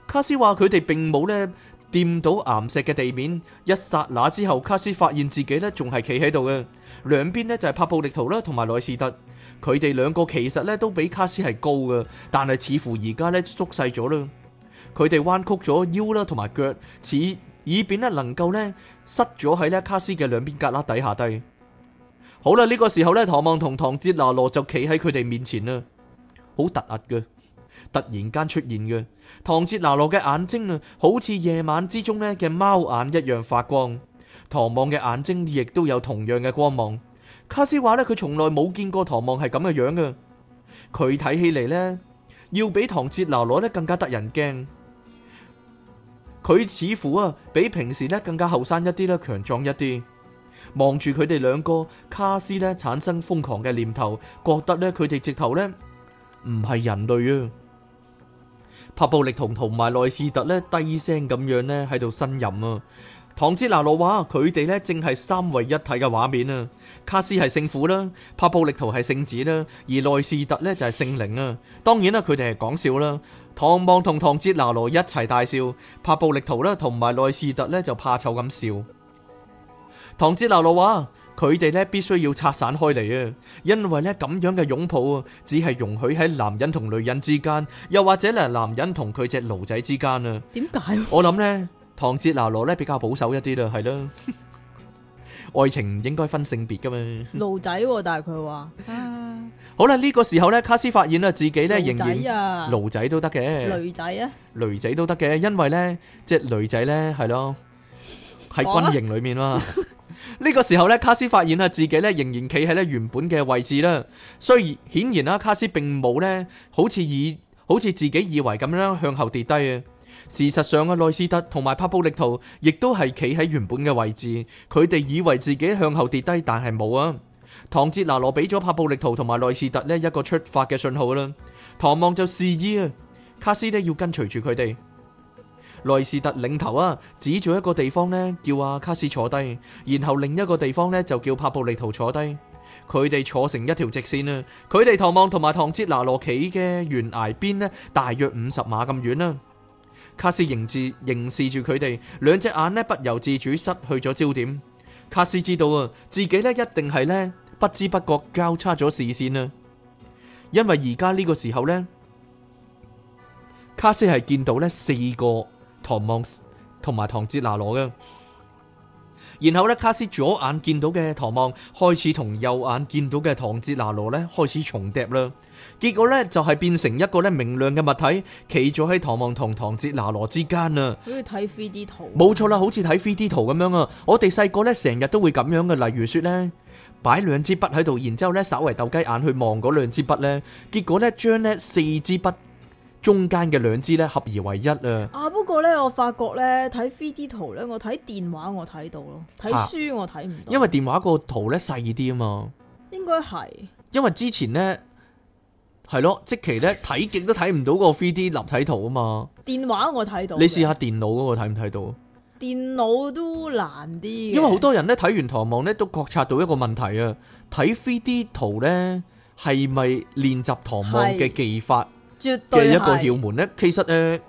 B: 卡斯話佢哋並冇呢掂到岩石嘅地面，一剎那之後，卡斯發現自己呢仲係企喺度嘅，兩邊呢就係帕布力圖啦同埋奈斯特。佢哋兩個其實呢都比卡斯係高嘅，但係似乎而家呢縮細咗啦，佢哋彎曲咗腰啦同埋腳，以以便呢能夠呢塞咗喺呢卡斯嘅兩邊格拉底下低。好啦，呢、這個時候呢，唐望同唐哲拿羅就企喺佢哋面前啦，好突兀嘅。突然間出現嘅唐哲拿羅嘅眼睛啊，好似夜晚之中咧嘅貓眼一樣發光。唐望嘅眼睛亦都有同樣嘅光芒。卡斯話呢，佢從來冇見過唐望係咁嘅樣嘅。佢睇起嚟呢，要比唐哲拿羅咧更加得人驚。佢似乎啊，比平時咧更加後生一啲啦，強壯一啲。望住佢哋兩個，卡斯咧產生瘋狂嘅念頭，覺得呢佢哋直頭呢唔係人類啊！帕布力圖同埋內斯特咧低聲咁樣咧喺度呻吟啊！唐哲拿羅話佢哋咧正係三位一體嘅畫面啊！卡斯係聖父啦，帕布力圖係聖子啦，而內斯特咧就係聖靈啊！當然啦，佢哋係講笑啦。唐望同唐哲拿羅一齊大笑，帕布力圖咧同埋內斯特咧就怕醜咁笑。唐哲拿羅話。佢哋咧必須要拆散開嚟啊，因為咧咁樣嘅擁抱啊，只係容許喺男人同女人之間，又或者咧男人同佢隻奴仔之間啊。點解？我諗咧，唐哲拿羅咧比較保守一啲啦，係咯，愛情唔應該分性別噶嘛。奴
A: 仔，但係佢話，
B: 啊，好啦，呢個時候咧，卡斯發現啦，自己咧仍然奴仔都得嘅，女仔啊，女仔都得嘅，因為咧，隻女仔咧，係咯，喺軍營裡面啦。呢個時候呢，卡斯發現啊，自己咧仍然企喺咧原本嘅位置啦。雖然顯然啦，卡斯並冇咧好似以好似自己以為咁樣向後跌低啊。事實上啊，內斯特同埋帕布力圖亦都係企喺原本嘅位置。佢哋以為自己向後跌低，但係冇啊。唐哲拿羅俾咗帕布力圖同埋內斯特咧一個出發嘅信號啦。唐望就示意啊，卡斯咧要跟隨住佢哋。萊士特領頭啊，指住一個地方呢叫阿卡斯坐低，然後另一個地方呢就叫帕布利圖坐低。佢哋坐成一條直線啊，佢哋唐望同埋唐哲拿羅企嘅懸崖邊呢大約五十碼咁遠啦。卡斯凝住凝視住佢哋，兩隻眼呢不由自主失去咗焦點。卡斯知道啊，自己呢一定係呢，不知不覺交叉咗視線啦，因為而家呢個時候呢卡斯係見到呢四個。唐望同埋唐哲拿羅嘅。然後咧卡斯左眼見到嘅唐望開始同右眼見到嘅唐哲拿羅咧開始重疊啦，結果咧就係變成一個咧明亮嘅物體，企咗喺唐望同唐哲拿羅之間啊，
A: 好似睇 3D 圖，冇
B: 錯啦，好似睇 3D 圖咁樣啊，我哋細個咧成日都會咁樣嘅，例如說咧擺兩支筆喺度，然之後咧稍為鬥雞眼去望嗰兩支筆咧，結果咧將咧四支筆中間嘅兩支咧合而為一啊！
A: 啊，不過咧我發覺咧睇 3D 圖咧，我睇電話我睇到咯，睇書我睇唔到，啊，
B: 因為電話個圖咧細啲啊嘛，
A: 應該係，
B: 因為之前咧係咯，即期咧睇極都睇唔到個 3D 立體圖啊嘛，
A: 電話我睇到，你試
B: 下電腦嗰個睇唔睇到？
A: 電腦都難啲，因為好多
B: 人咧睇完唐望咧都覺察到一個問題啊，睇 3D 圖咧係咪練習唐望嘅技法？
A: 絕對嘅一個竅
B: 門咧，其實咧，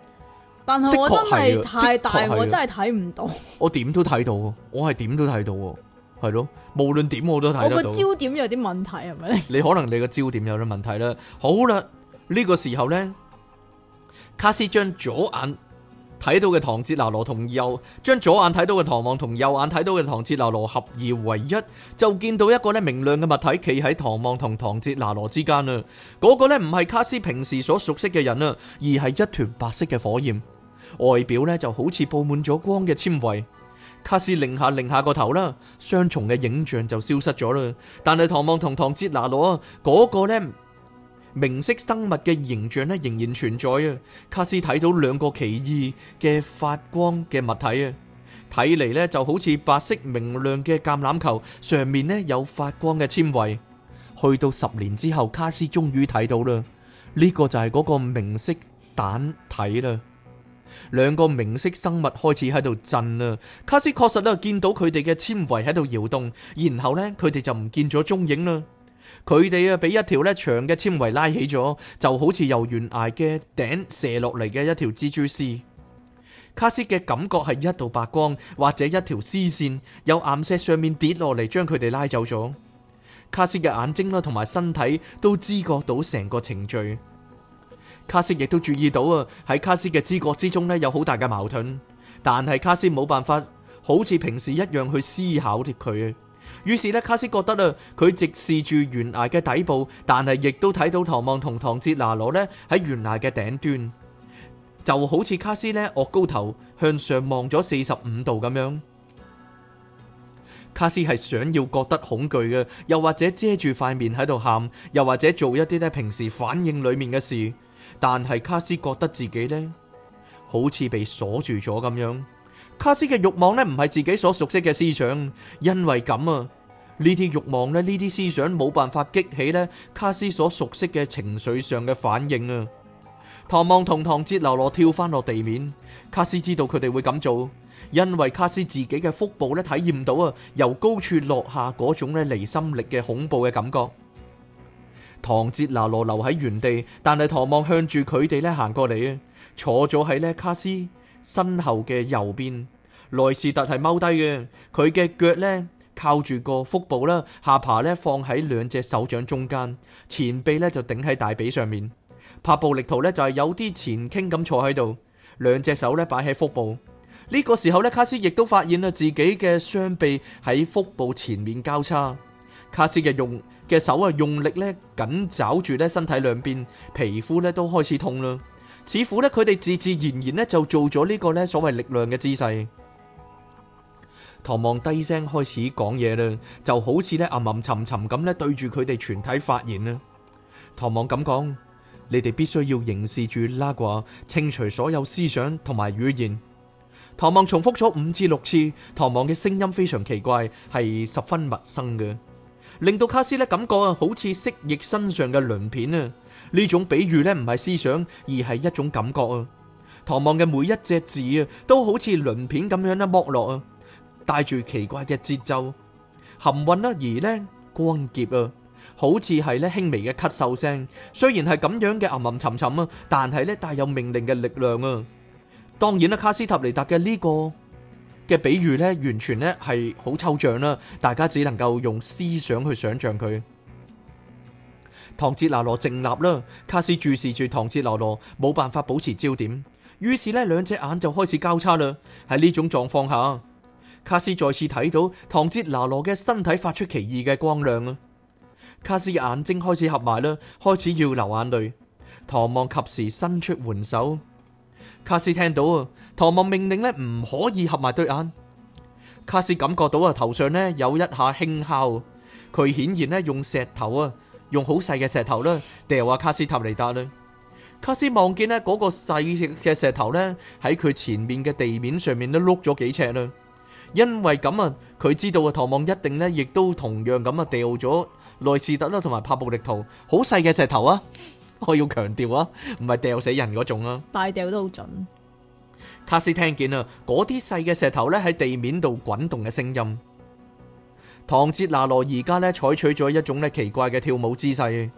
A: 但係我的確係太大，我真係睇唔到。
B: 我點都睇到，我係點都睇到喎，係咯，無論點我都睇到。我個焦
A: 點有啲問題係咪？
B: 你可能你個焦點有啲問題啦。好啦，呢個時候咧，卡斯將左眼。睇到嘅唐哲拿羅同右，將左眼睇到嘅唐望同右眼睇到嘅唐哲拿羅合二為一，就見到一個咧明亮嘅物體企喺唐望同唐哲拿羅之間啦。嗰、那個咧唔係卡斯平時所熟悉嘅人啦，而係一團白色嘅火焰，外表咧就好似布滿咗光嘅纖維。卡斯擰下擰下個頭啦，雙重嘅影像就消失咗啦。但係唐望同唐哲拿羅嗰、那個咧。明色生物嘅形象咧仍然存在啊！卡斯睇到兩個奇異嘅發光嘅物體啊，睇嚟，咧就好似白色明亮嘅橄欖球，上面咧有發光嘅纖維。去到十年之後，卡斯終於睇到啦，呢個就係嗰個明色蛋體啦。兩個明色生物開始喺度震啦，卡斯確實都見到佢哋嘅纖維喺度搖動，然後呢，佢哋就唔見咗蹤影啦。佢哋啊，俾一條咧長嘅纖維拉起咗，就好似由懸崖嘅頂射落嚟嘅一條蜘蛛絲。卡斯嘅感覺係一道白光或者一條絲線，有岩石上面跌落嚟，將佢哋拉走咗。卡斯嘅眼睛啦，同埋身體都知覺到成個程序。卡斯亦都注意到啊，喺卡斯嘅知覺之中咧有好大嘅矛盾，但係卡斯冇辦法好似平時一樣去思考啲佢。於是咧，卡斯覺得咧，佢直視住懸崖嘅底部，但係亦都睇到唐望同唐哲拿羅呢，喺懸崖嘅頂端，就好似卡斯呢惡高頭向上望咗四十五度咁樣。卡斯係想要覺得恐懼嘅，又或者遮住塊面喺度喊，又或者做一啲呢平時反應裏面嘅事，但係卡斯覺得自己呢好似被鎖住咗咁樣。卡斯嘅欲望呢唔係自己所熟悉嘅思想，因為咁啊。呢啲欲望咧，呢啲思想冇辦法激起呢卡斯所熟悉嘅情緒上嘅反應啊！唐望同唐哲、娜羅跳翻落地面，卡斯知道佢哋會咁做，因為卡斯自己嘅腹部呢體驗到啊由高處落下嗰種呢離心力嘅恐怖嘅感覺。唐哲、娜羅留喺原地，但係唐望向住佢哋呢行過嚟啊，坐咗喺呢卡斯身後嘅右邊，萊士特係踎低嘅，佢嘅腳呢。靠住個腹部啦，下巴咧放喺兩隻手掌中間，前臂咧就頂喺大髀上面。拍布力圖咧就係有啲前傾咁坐喺度，兩隻手咧擺喺腹部。呢個時候咧，卡斯亦都發現啦自己嘅雙臂喺腹部前面交叉。卡斯嘅用嘅手啊用力咧緊抓住咧身體兩邊皮膚咧都開始痛啦，似乎咧佢哋自自然然咧就做咗呢個咧所謂力量嘅姿勢。唐望低聲開始講嘢啦，就好似咧吟吟沉沉咁咧對住佢哋全體發言啦。唐望咁講：你哋必須要凝視住拉掛，清除所有思想同埋語言。唐望重複咗五至六次。唐望嘅聲音非常奇怪，係十分陌生嘅，令到卡斯咧感覺啊，好似蜥蜴身上嘅鱗片啊。呢種比喻咧唔係思想，而係一種感覺啊。唐望嘅每一隻字啊，都好似鱗片咁樣一剝落啊。帶住奇怪嘅節奏，含混啊，而咧光潔啊，好似係咧輕微嘅咳嗽聲。雖然係咁樣嘅吟吟沉沉啊，但係咧帶有命令嘅力量啊。當然啦，卡斯塔尼達嘅呢個嘅比喻咧，完全咧係好抽象啦，大家只能夠用思想去想象佢。唐哲拿羅靜立啦，卡斯注視住唐哲拿羅，冇辦法保持焦點，於是咧兩隻眼就開始交叉啦。喺呢種狀況下。卡斯再次睇到唐哲拿羅嘅身體發出奇異嘅光亮啦。卡斯眼睛開始合埋啦，開始要流眼淚。唐望及時伸出援手。卡斯聽到啊，唐望命令咧，唔可以合埋對眼。卡斯感覺到啊，頭上咧有一下輕敲，佢顯然咧用石頭啊，用好細嘅石頭啦，掉阿卡斯塔尼達啦。卡斯望見呢嗰個細嘅石頭呢喺佢前面嘅地面上面都碌咗幾尺啦。因為咁啊，佢知道啊，唐望一定咧，亦都同樣咁啊掉咗內士特啦，同埋帕布力圖，好細嘅石頭啊，我要強調啊，唔係掉死人嗰種啊。
A: 大掉都好準。
B: 卡斯聽見啊，嗰啲細嘅石頭咧喺地面度滾動嘅聲音。唐哲拿羅而家咧採取咗一種咧奇怪嘅跳舞姿勢，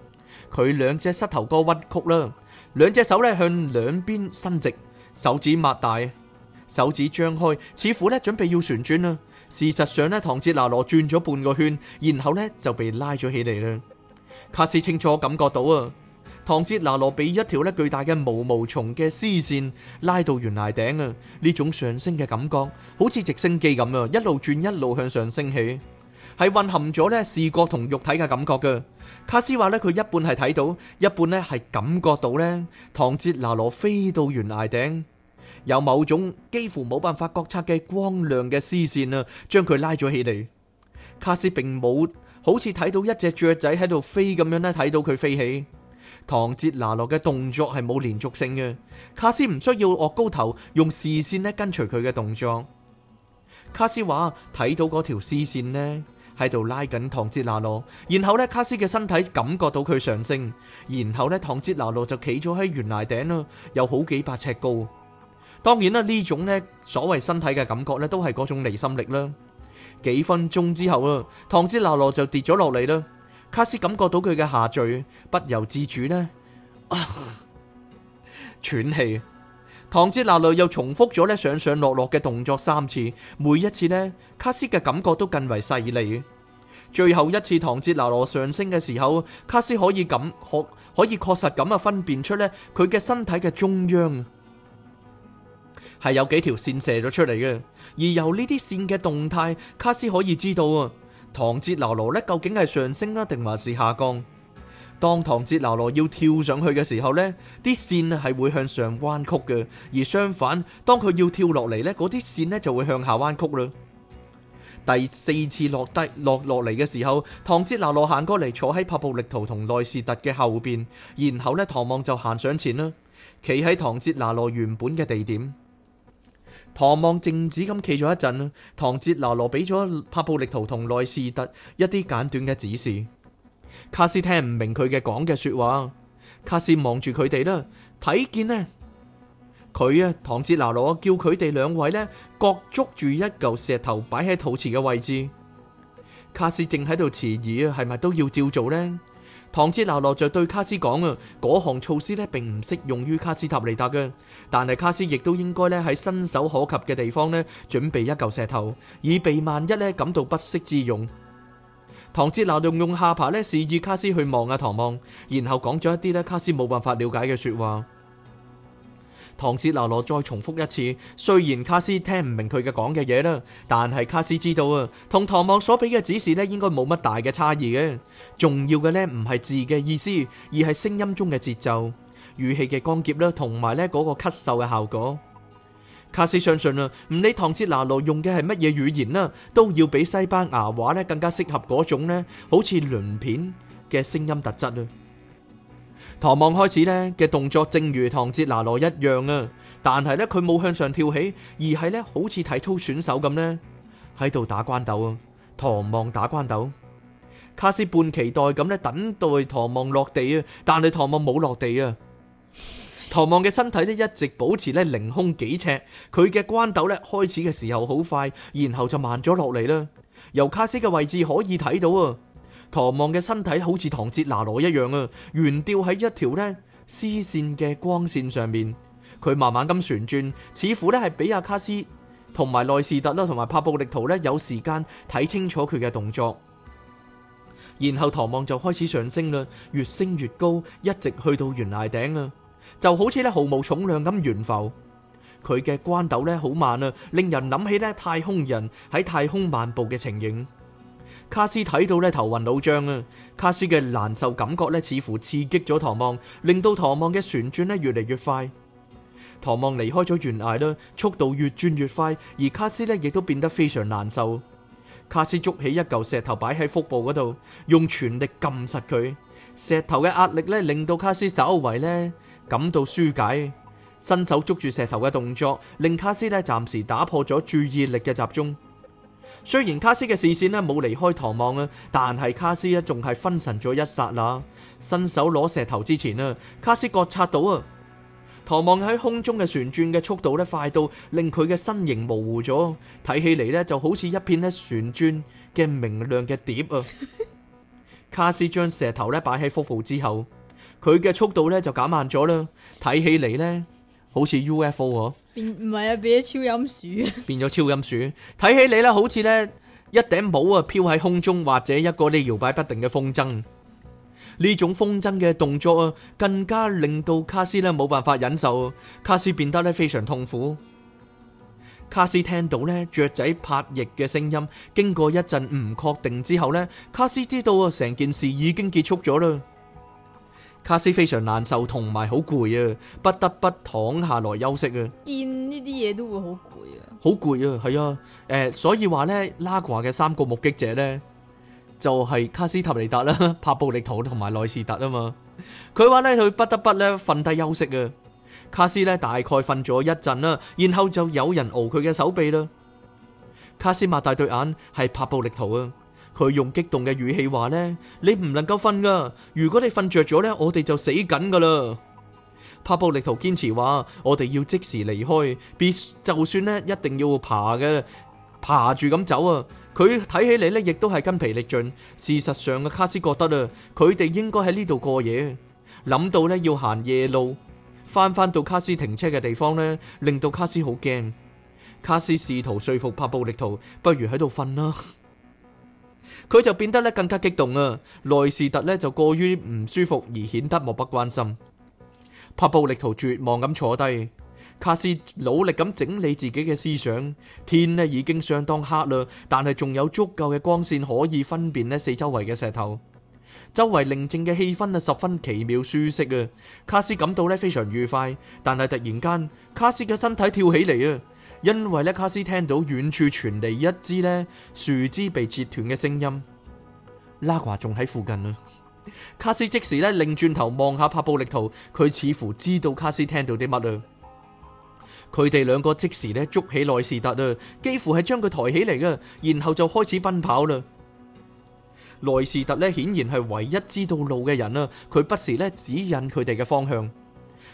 B: 佢兩隻膝頭哥屈曲啦，兩隻手咧向兩邊伸直，手指擘大。手指張開，似乎咧準備要旋轉啦。事實上咧，唐哲拿羅轉咗半個圈，然後咧就被拉咗起嚟啦。卡斯清楚感覺到啊，唐哲拿羅被一條咧巨大嘅毛毛蟲嘅絲線拉到懸崖頂啊！呢種上升嘅感覺，好似直升機咁啊，一路轉一路向上升起，係混合咗咧視覺同肉體嘅感覺噶。卡斯話咧，佢一半係睇到，一半咧係感覺到咧，唐哲拿羅飛到懸崖頂。有某種幾乎冇辦法覺察嘅光亮嘅絲線啊，將佢拉咗起嚟。卡斯並冇好似睇到一隻雀仔喺度飛咁樣咧，睇到佢飛起。唐哲拿洛嘅動作係冇連續性嘅，卡斯唔需要岳高頭用視線咧跟隨佢嘅動作。卡斯話睇到嗰條絲線咧喺度拉緊唐哲拿洛，然後呢，卡斯嘅身體感覺到佢上升，然後呢，唐哲拿洛就企咗喺懸崖頂啦，有好幾百尺高。當然啦，呢種呢所謂身體嘅感覺呢，都係嗰種離心力啦。幾分鐘之後啊，唐哲那羅就跌咗落嚟啦。卡斯感覺到佢嘅下墜，不由自主呢、啊、喘氣。唐哲那羅又重複咗呢上上落落嘅動作三次，每一次呢，卡斯嘅感覺都更為細膩。最後一次唐哲那羅上升嘅時候，卡斯可以咁可可以確實咁啊分辨出呢佢嘅身體嘅中央。係有幾條線射咗出嚟嘅，而由呢啲線嘅動態，卡斯可以知道啊，唐哲拿羅咧究竟係上升啊定還是下降？當唐哲拿羅要跳上去嘅時候，呢啲線係會向上彎曲嘅；而相反，當佢要跳落嚟呢，嗰啲線呢就會向下彎曲啦。第四次落低落落嚟嘅時候，唐哲拿羅行過嚟坐喺帕布力圖同內士特嘅後邊，然後呢唐望就行上前啦，企喺唐哲拿羅原本嘅地點。唐望靜止咁企咗一陣，唐哲拿羅俾咗帕布力圖同內士特一啲簡短嘅指示。卡斯聽唔明佢嘅講嘅說話，卡斯望住佢哋啦，睇見呢，佢啊，唐哲拿羅叫佢哋兩位呢，各捉住一嚿石頭擺喺肚臍嘅位置。卡斯正喺度遲疑啊，係咪都要照做呢？唐哲納羅落着對卡斯講啊，嗰項措施呢並唔適用於卡斯塔尼達嘅，但係卡斯亦都應該呢喺伸手可及嘅地方呢準備一嚿石頭，以備萬一呢感到不適之用。唐哲納羅用用下巴呢示意卡斯去望啊唐望，然後講咗一啲呢卡斯冇辦法了解嘅說話。唐哲拿羅再重複一次，雖然卡斯聽唔明佢嘅講嘅嘢啦，但係卡斯知道啊，同唐望所俾嘅指示咧，應該冇乜大嘅差異嘅。重要嘅咧，唔係字嘅意思，而係聲音中嘅節奏、語氣嘅剛勁啦，同埋咧嗰個咳嗽嘅效果。卡斯相信啊，唔理唐哲拿羅用嘅係乜嘢語言啦，都要比西班牙話咧更加適合嗰種咧，好似鱗片嘅聲音特質啊。唐望開始呢嘅動作正如唐哲拿羅一樣啊，但係呢，佢冇向上跳起，而係呢，好似體操選手咁呢，喺度打關斗啊。唐望打關斗，卡斯半期待咁呢等待唐望落地啊，但係唐望冇落地啊。唐望嘅身體呢一直保持呢凌空幾尺，佢嘅關斗呢開始嘅時候好快，然後就慢咗落嚟啦。由卡斯嘅位置可以睇到啊。唐望嘅身體好似唐哲拿羅一樣啊，懸吊喺一條呢絲線嘅光線上面。佢慢慢咁旋轉，似乎呢係比亞卡斯同埋內士特啦，同埋帕布力圖呢有時間睇清楚佢嘅動作。然後唐望就開始上升啦，越升越高，一直去到懸崖頂啊，就好似呢毫無重量咁懸浮。佢嘅關斗呢好慢啊，令人諗起呢太空人喺太空漫步嘅情形。卡斯睇到咧，頭暈腦脹啊！卡斯嘅難受感覺咧，似乎刺激咗唐望，令到唐望嘅旋轉咧越嚟越快。唐望離開咗懸崖啦，速度越轉越快，而卡斯咧亦都變得非常難受。卡斯捉起一嚿石頭擺喺腹部嗰度，用全力撳實佢。石頭嘅壓力咧，令到卡斯稍為咧感到舒解。伸手捉住石頭嘅動作，令卡斯咧暫時打破咗注意力嘅集中。雖然卡斯嘅視線咧冇離開唐望啊，但係卡斯咧仲係分神咗一剎啦。伸手攞石頭之前啊，卡斯覺察到啊，唐望喺空中嘅旋轉嘅速度咧快到令佢嘅身形模糊咗，睇起嚟咧就好似一片咧旋轉嘅明亮嘅碟啊。 卡斯將石頭咧擺喺腹部之後，佢嘅速度咧就減慢咗啦，睇起嚟咧好似 UFO 啊。
A: 變唔係啊，變咗超音鼠啊！
B: 變咗超音鼠，睇起嚟咧，好似咧一頂帽啊飄喺空中，或者一個你搖擺不定嘅風箏。呢種風箏嘅動作啊，更加令到卡斯咧冇辦法忍受，卡斯變得咧非常痛苦。卡斯聽到咧雀仔拍翼嘅聲音，經過一陣唔確定之後咧，卡斯知道啊成件事已經結束咗啦。卡斯非常難受，同埋好攰啊，不得不躺下來休息啊。
A: 見呢啲嘢，都會好攰
B: 啊，好攰啊，係啊，誒、呃，所以話咧，拉瓜嘅三個目擊者咧，就係、是、卡斯塔尼達啦、帕布力圖同埋內士達啊嘛。佢話咧，佢不得不咧瞓低休息啊。卡斯咧大概瞓咗一陣啦，然後就有人熬佢嘅手臂啦。卡斯擘大對眼，係帕布力圖啊。佢用激動嘅語氣話咧：你唔能夠瞓噶，如果你瞓着咗咧，我哋就死緊噶啦！帕布力圖堅持話：我哋要即時離開，別就算咧一定要爬嘅，爬住咁走啊！佢睇起嚟咧，亦都係筋疲力盡。事實上，嘅卡斯覺得啊，佢哋應該喺呢度過夜。諗到咧要行夜路，翻返到卡斯停車嘅地方咧，令到卡斯好驚。卡斯試圖說服帕布力圖，不如喺度瞓啦。佢就變得咧更加激動啊！內士特呢就過於唔舒服而顯得漠不關心。帕布力圖絕望咁坐低，卡斯努力咁整理自己嘅思想。天呢已經相當黑啦，但係仲有足夠嘅光綫可以分辨呢四周圍嘅石頭。周圍寧靜嘅氣氛啊，十分奇妙舒適啊！卡斯感到呢非常愉快，但係突然間，卡斯嘅身體跳起嚟啊！因為咧，卡斯聽到遠處傳嚟一支咧樹枝被折斷嘅聲音，拉華仲喺附近啊！卡斯即時咧擰轉頭望下帕布力圖，佢似乎知道卡斯聽到啲乜啊！佢哋兩個即時咧捉起內士特啊，幾乎係將佢抬起嚟噶，然後就開始奔跑啦。內士特咧顯然係唯一知道路嘅人啊，佢不時咧指引佢哋嘅方向。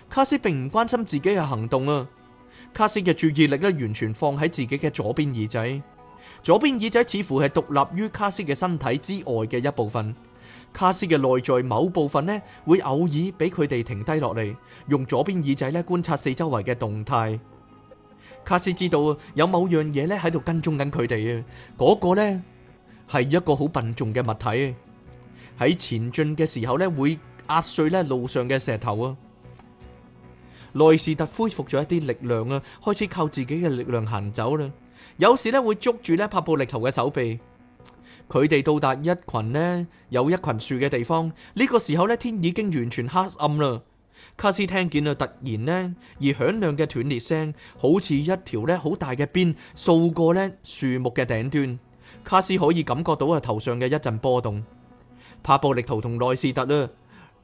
B: 卡斯並唔關心自己嘅行動啊。卡斯嘅注意力咧完全放喺自己嘅左邊耳仔。左邊耳仔似乎係獨立於內士特恢復咗一啲力量啊，開始靠自己嘅力量行走啦。有時呢會捉住呢帕布力圖嘅手臂。佢哋到達一群呢有一群樹嘅地方。呢個時候呢天已經完全黑暗啦。卡斯聽見啊，突然呢而響亮嘅斷裂聲，好似一條呢好大嘅鞭掃過呢樹木嘅頂端。卡斯可以感覺到啊頭上嘅一陣波動。帕布力圖同內士特啊。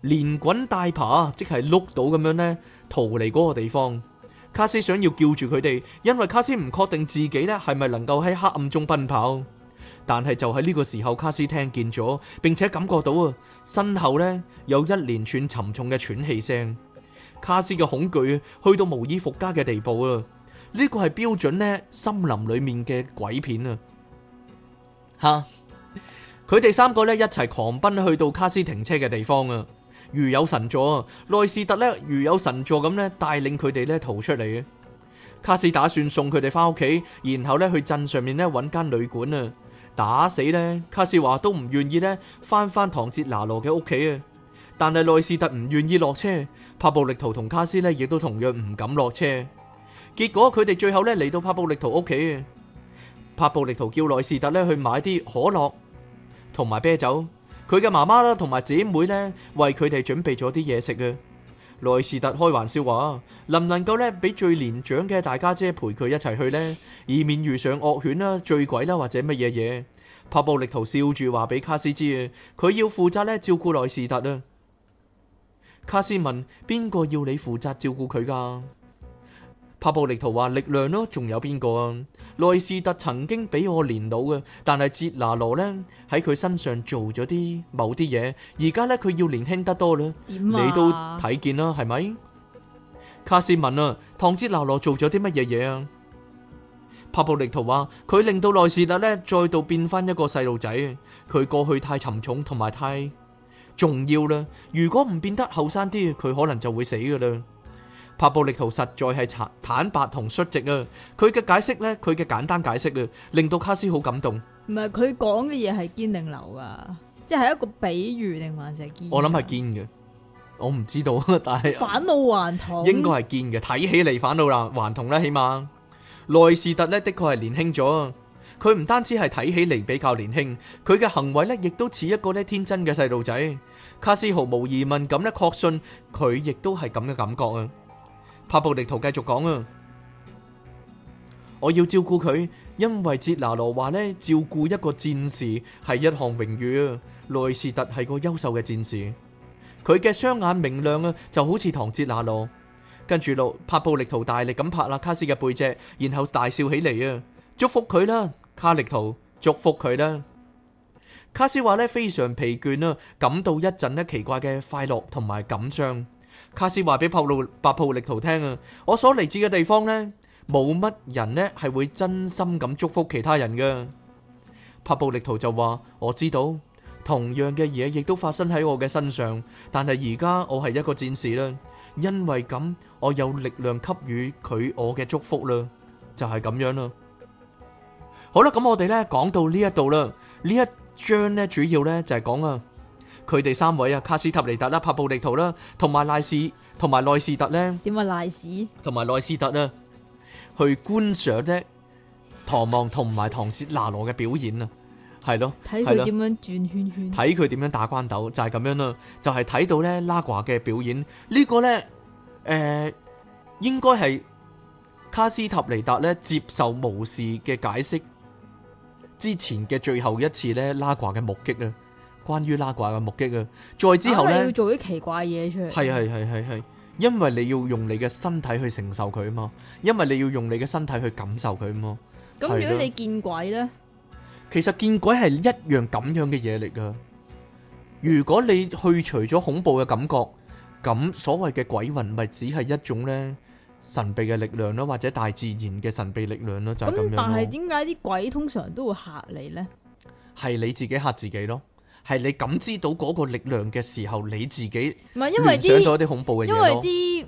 B: 連滾帶爬，即係碌到咁樣呢，逃離嗰個地方。卡斯想要叫住佢哋，因為卡斯唔確定自己呢係咪能夠喺黑暗中奔跑。但係就喺呢個時候，卡斯聽見咗，並且感覺到啊，身後呢有一連串沉重嘅喘氣聲。卡斯嘅恐懼去到無以復加嘅地步啊。呢個係標準呢森林裏面嘅鬼片啊！吓，佢哋三個呢一齊狂奔去到卡斯停車嘅地方啊！如有神助，內士特咧如有神助咁咧帶領佢哋咧逃出嚟嘅。卡斯打算送佢哋翻屋企，然後咧去鎮上面咧搵間旅館啊！打死咧卡斯話都唔願意咧翻翻唐哲拿羅嘅屋企啊！但係內士特唔願意落車，帕布力圖同卡斯咧亦都同樣唔敢落車。結果佢哋最後咧嚟到帕布力圖屋企啊！帕布力圖叫內士特咧去買啲可樂同埋啤酒。佢嘅媽媽啦，同埋姐妹呢，為佢哋準備咗啲嘢食啊，內斯特開玩笑話，能唔能夠呢？俾最年長嘅大家姐陪佢一齊去呢？以免遇上惡犬啦、醉鬼啦或者乜嘢嘢。帕布力圖笑住話俾卡斯知啊，佢要負責咧照顧內斯特啊。卡斯問：邊個要你負責照顧佢噶？帕布力圖話：力量咯，仲有邊個啊？內士特曾經比我年老嘅，但係哲拿羅呢，喺佢身上做咗啲某啲嘢。而家呢，佢要年輕得多啦，啊、你都睇見啦，係咪？卡斯文啊，唐哲拿羅做咗啲乜嘢嘢啊？帕布力圖話佢令到內士特呢再度變翻一個細路仔，佢過去太沉重同埋太重要啦，如果唔變得後生啲，佢可能就會死噶啦。發布力圖實在係坦坦白同率直啊！佢嘅解釋咧，佢嘅簡單解釋啊，令到卡斯好感動。
A: 唔係，佢講嘅嘢係堅定流噶，即係一個比喻定還是堅？我諗係
B: 堅嘅，我唔知道。但係反
A: 老還童應該係
B: 堅嘅，睇起嚟反老啦，還童啦，起碼內士特咧的確係年輕咗。佢唔單止係睇起嚟比較年輕，佢嘅行為咧亦都似一個咧天真嘅細路仔。卡斯毫無疑問咁咧確信佢亦都係咁嘅感覺啊！帕布力圖繼續講啊，我要照顧佢，因為捷拿羅話咧，照顧一個戰士係一項榮譽啊。內斯特係個優秀嘅戰士，佢嘅雙眼明亮啊，就好似唐捷拿羅。跟住路，帕布力圖大力咁拍啦卡斯嘅背脊，然後大笑起嚟啊，祝福佢啦，卡力圖，祝福佢啦。卡斯話呢，非常疲倦啊，感到一陣咧奇怪嘅快樂同埋感傷。卡斯話俾帕路白布力圖聽啊，我所嚟自嘅地方咧，冇乜人咧係會真心咁祝福其他人噶。白布力圖就話：我知道，同樣嘅嘢亦都發生喺我嘅身上，但係而家我係一個戰士啦，因為咁我有力量給予佢我嘅祝福啦，就係咁樣啦。好啦，咁我哋咧講到呢一度啦，呢一章咧主要咧就係講啊。佢哋三位啊，卡斯塔尼達啦，帕布利圖啦，同埋賴史同埋內斯特咧。
A: 點啊賴史？
B: 同埋內斯特啊，去觀賞啫，唐望同埋唐斯拿羅嘅表演啊，係咯。睇佢點樣
A: 轉圈圈，睇
B: 佢點樣打關斗，就係咁樣啦。就係睇到咧拉掛嘅表演，呢個咧，誒，應該係卡斯塔尼達咧接受巫士嘅解釋之前嘅最後一次咧拉掛嘅目擊啊。關於 Nagual 嘅目擊啊，再之後呢，要
A: 做啲奇怪嘢出嚟，係係
B: 係係係，因為你要用你嘅身體去承受佢啊嘛，因為你要用你嘅身體去感受佢啊嘛。咁如果你
A: 見鬼呢，
B: 其實見鬼係一樣咁樣嘅嘢嚟噶。如果你去除咗恐怖嘅感覺，咁所謂嘅鬼魂咪只係一種呢神秘嘅力量咯，或者大自然嘅神秘力量咯，就咁樣咯。咁但係點
A: 解啲鬼通常都會嚇你呢？
B: 係你自己嚇自己咯。係你感知到嗰個力量嘅時候，你自己面對到一啲恐怖嘅嘢咯。因為啲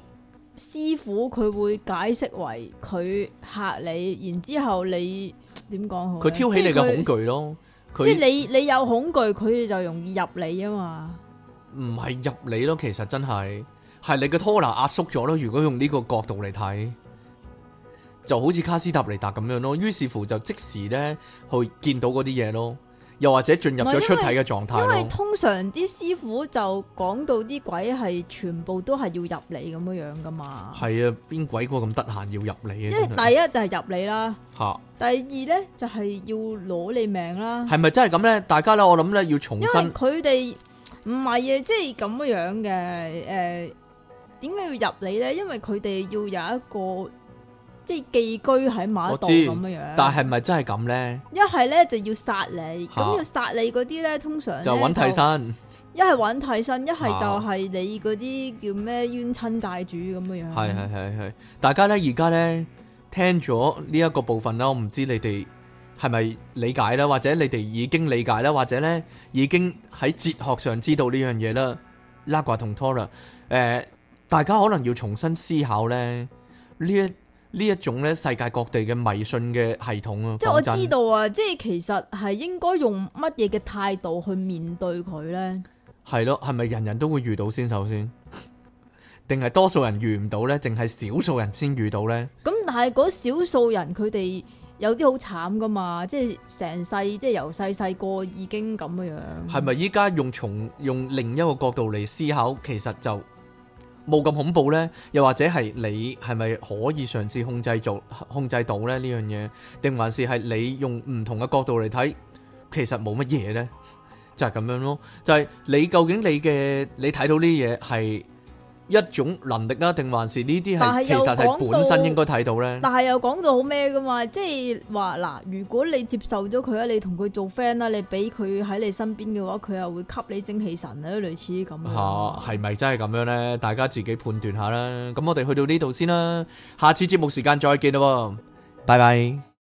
A: 師傅佢會解釋為佢嚇你，然之後你點講好？佢挑起你嘅恐懼
B: 咯。即係他你
A: 你有恐懼，佢哋就容易入你啊嘛。
B: 唔係入你咯，其實真係係你嘅拖拿壓縮咗咯。如果用呢個角度嚟睇，就好似卡斯塔尼達咁樣咯。於是乎就即時咧去見到嗰啲嘢咯。又或者進入咗出體嘅狀態。因為，因為通
A: 常啲師傅就講到啲鬼係全部都係要、啊、要入嚟咁樣樣㗎嘛。
B: 係啊，邊鬼個咁得閒要入嚟？啊？因為
A: 第一就係入你啦。嚇哈！第二咧就係要攞你命啦。係
B: 咪真係咁咧？大家咧，我諗咧要重新。
A: 佢哋唔係啊，即係咁樣嘅誒，點、呃、解要入你咧？因為佢哋要有一個。即係寄居喺馬當咁樣，但
B: 係咪真係咁呢？
A: 一係呢，就要殺你，咁、啊、要殺你嗰啲呢，通常就揾替身。一係揾替身，一係、啊、就係你嗰啲叫咩冤親債主咁樣樣。
B: 係係係係，大家呢而家呢，聽咗呢一個部分啦，我唔知你哋係咪理解啦，或者你哋已經理解啦，或者呢已經喺哲學上知道呢樣嘢啦。拉瓜同拖啦，誒、呃，大家可能要重新思考咧呢一。呢一種咧，世界各地嘅迷信嘅系統啊，即係我知道
A: 啊，即係其實係應該用乜嘢嘅態度去面對佢呢？
B: 係咯，係咪人人都會遇到先？首先，定係多數人遇唔到呢？定係少數人先遇到呢？
A: 咁但係嗰少數人佢哋有啲好慘噶嘛？即係成世即係由細細個已經
B: 咁嘅樣。係咪依家用從用另一個角度嚟思考，其實就？冇咁恐怖呢？又或者係你係咪可以嘗試控制做控制到呢呢樣嘢？定還是係你用唔同嘅角度嚟睇，其實冇乜嘢呢，就係咁樣咯。就係你究竟你嘅你睇到呢啲嘢係？一種能力啦，定還是呢啲係其實係本身應該睇到咧。但
A: 係又講到好咩噶嘛，即係話嗱，如果你接受咗佢，你同佢做 friend 啦，你俾佢喺你身邊嘅話，佢又會吸你精氣神啊，類似啲咁。嚇、
B: 啊，係咪真係咁樣咧？大家自己判斷下啦。咁我哋去到呢度先啦，下次節目時間再見咯。拜拜。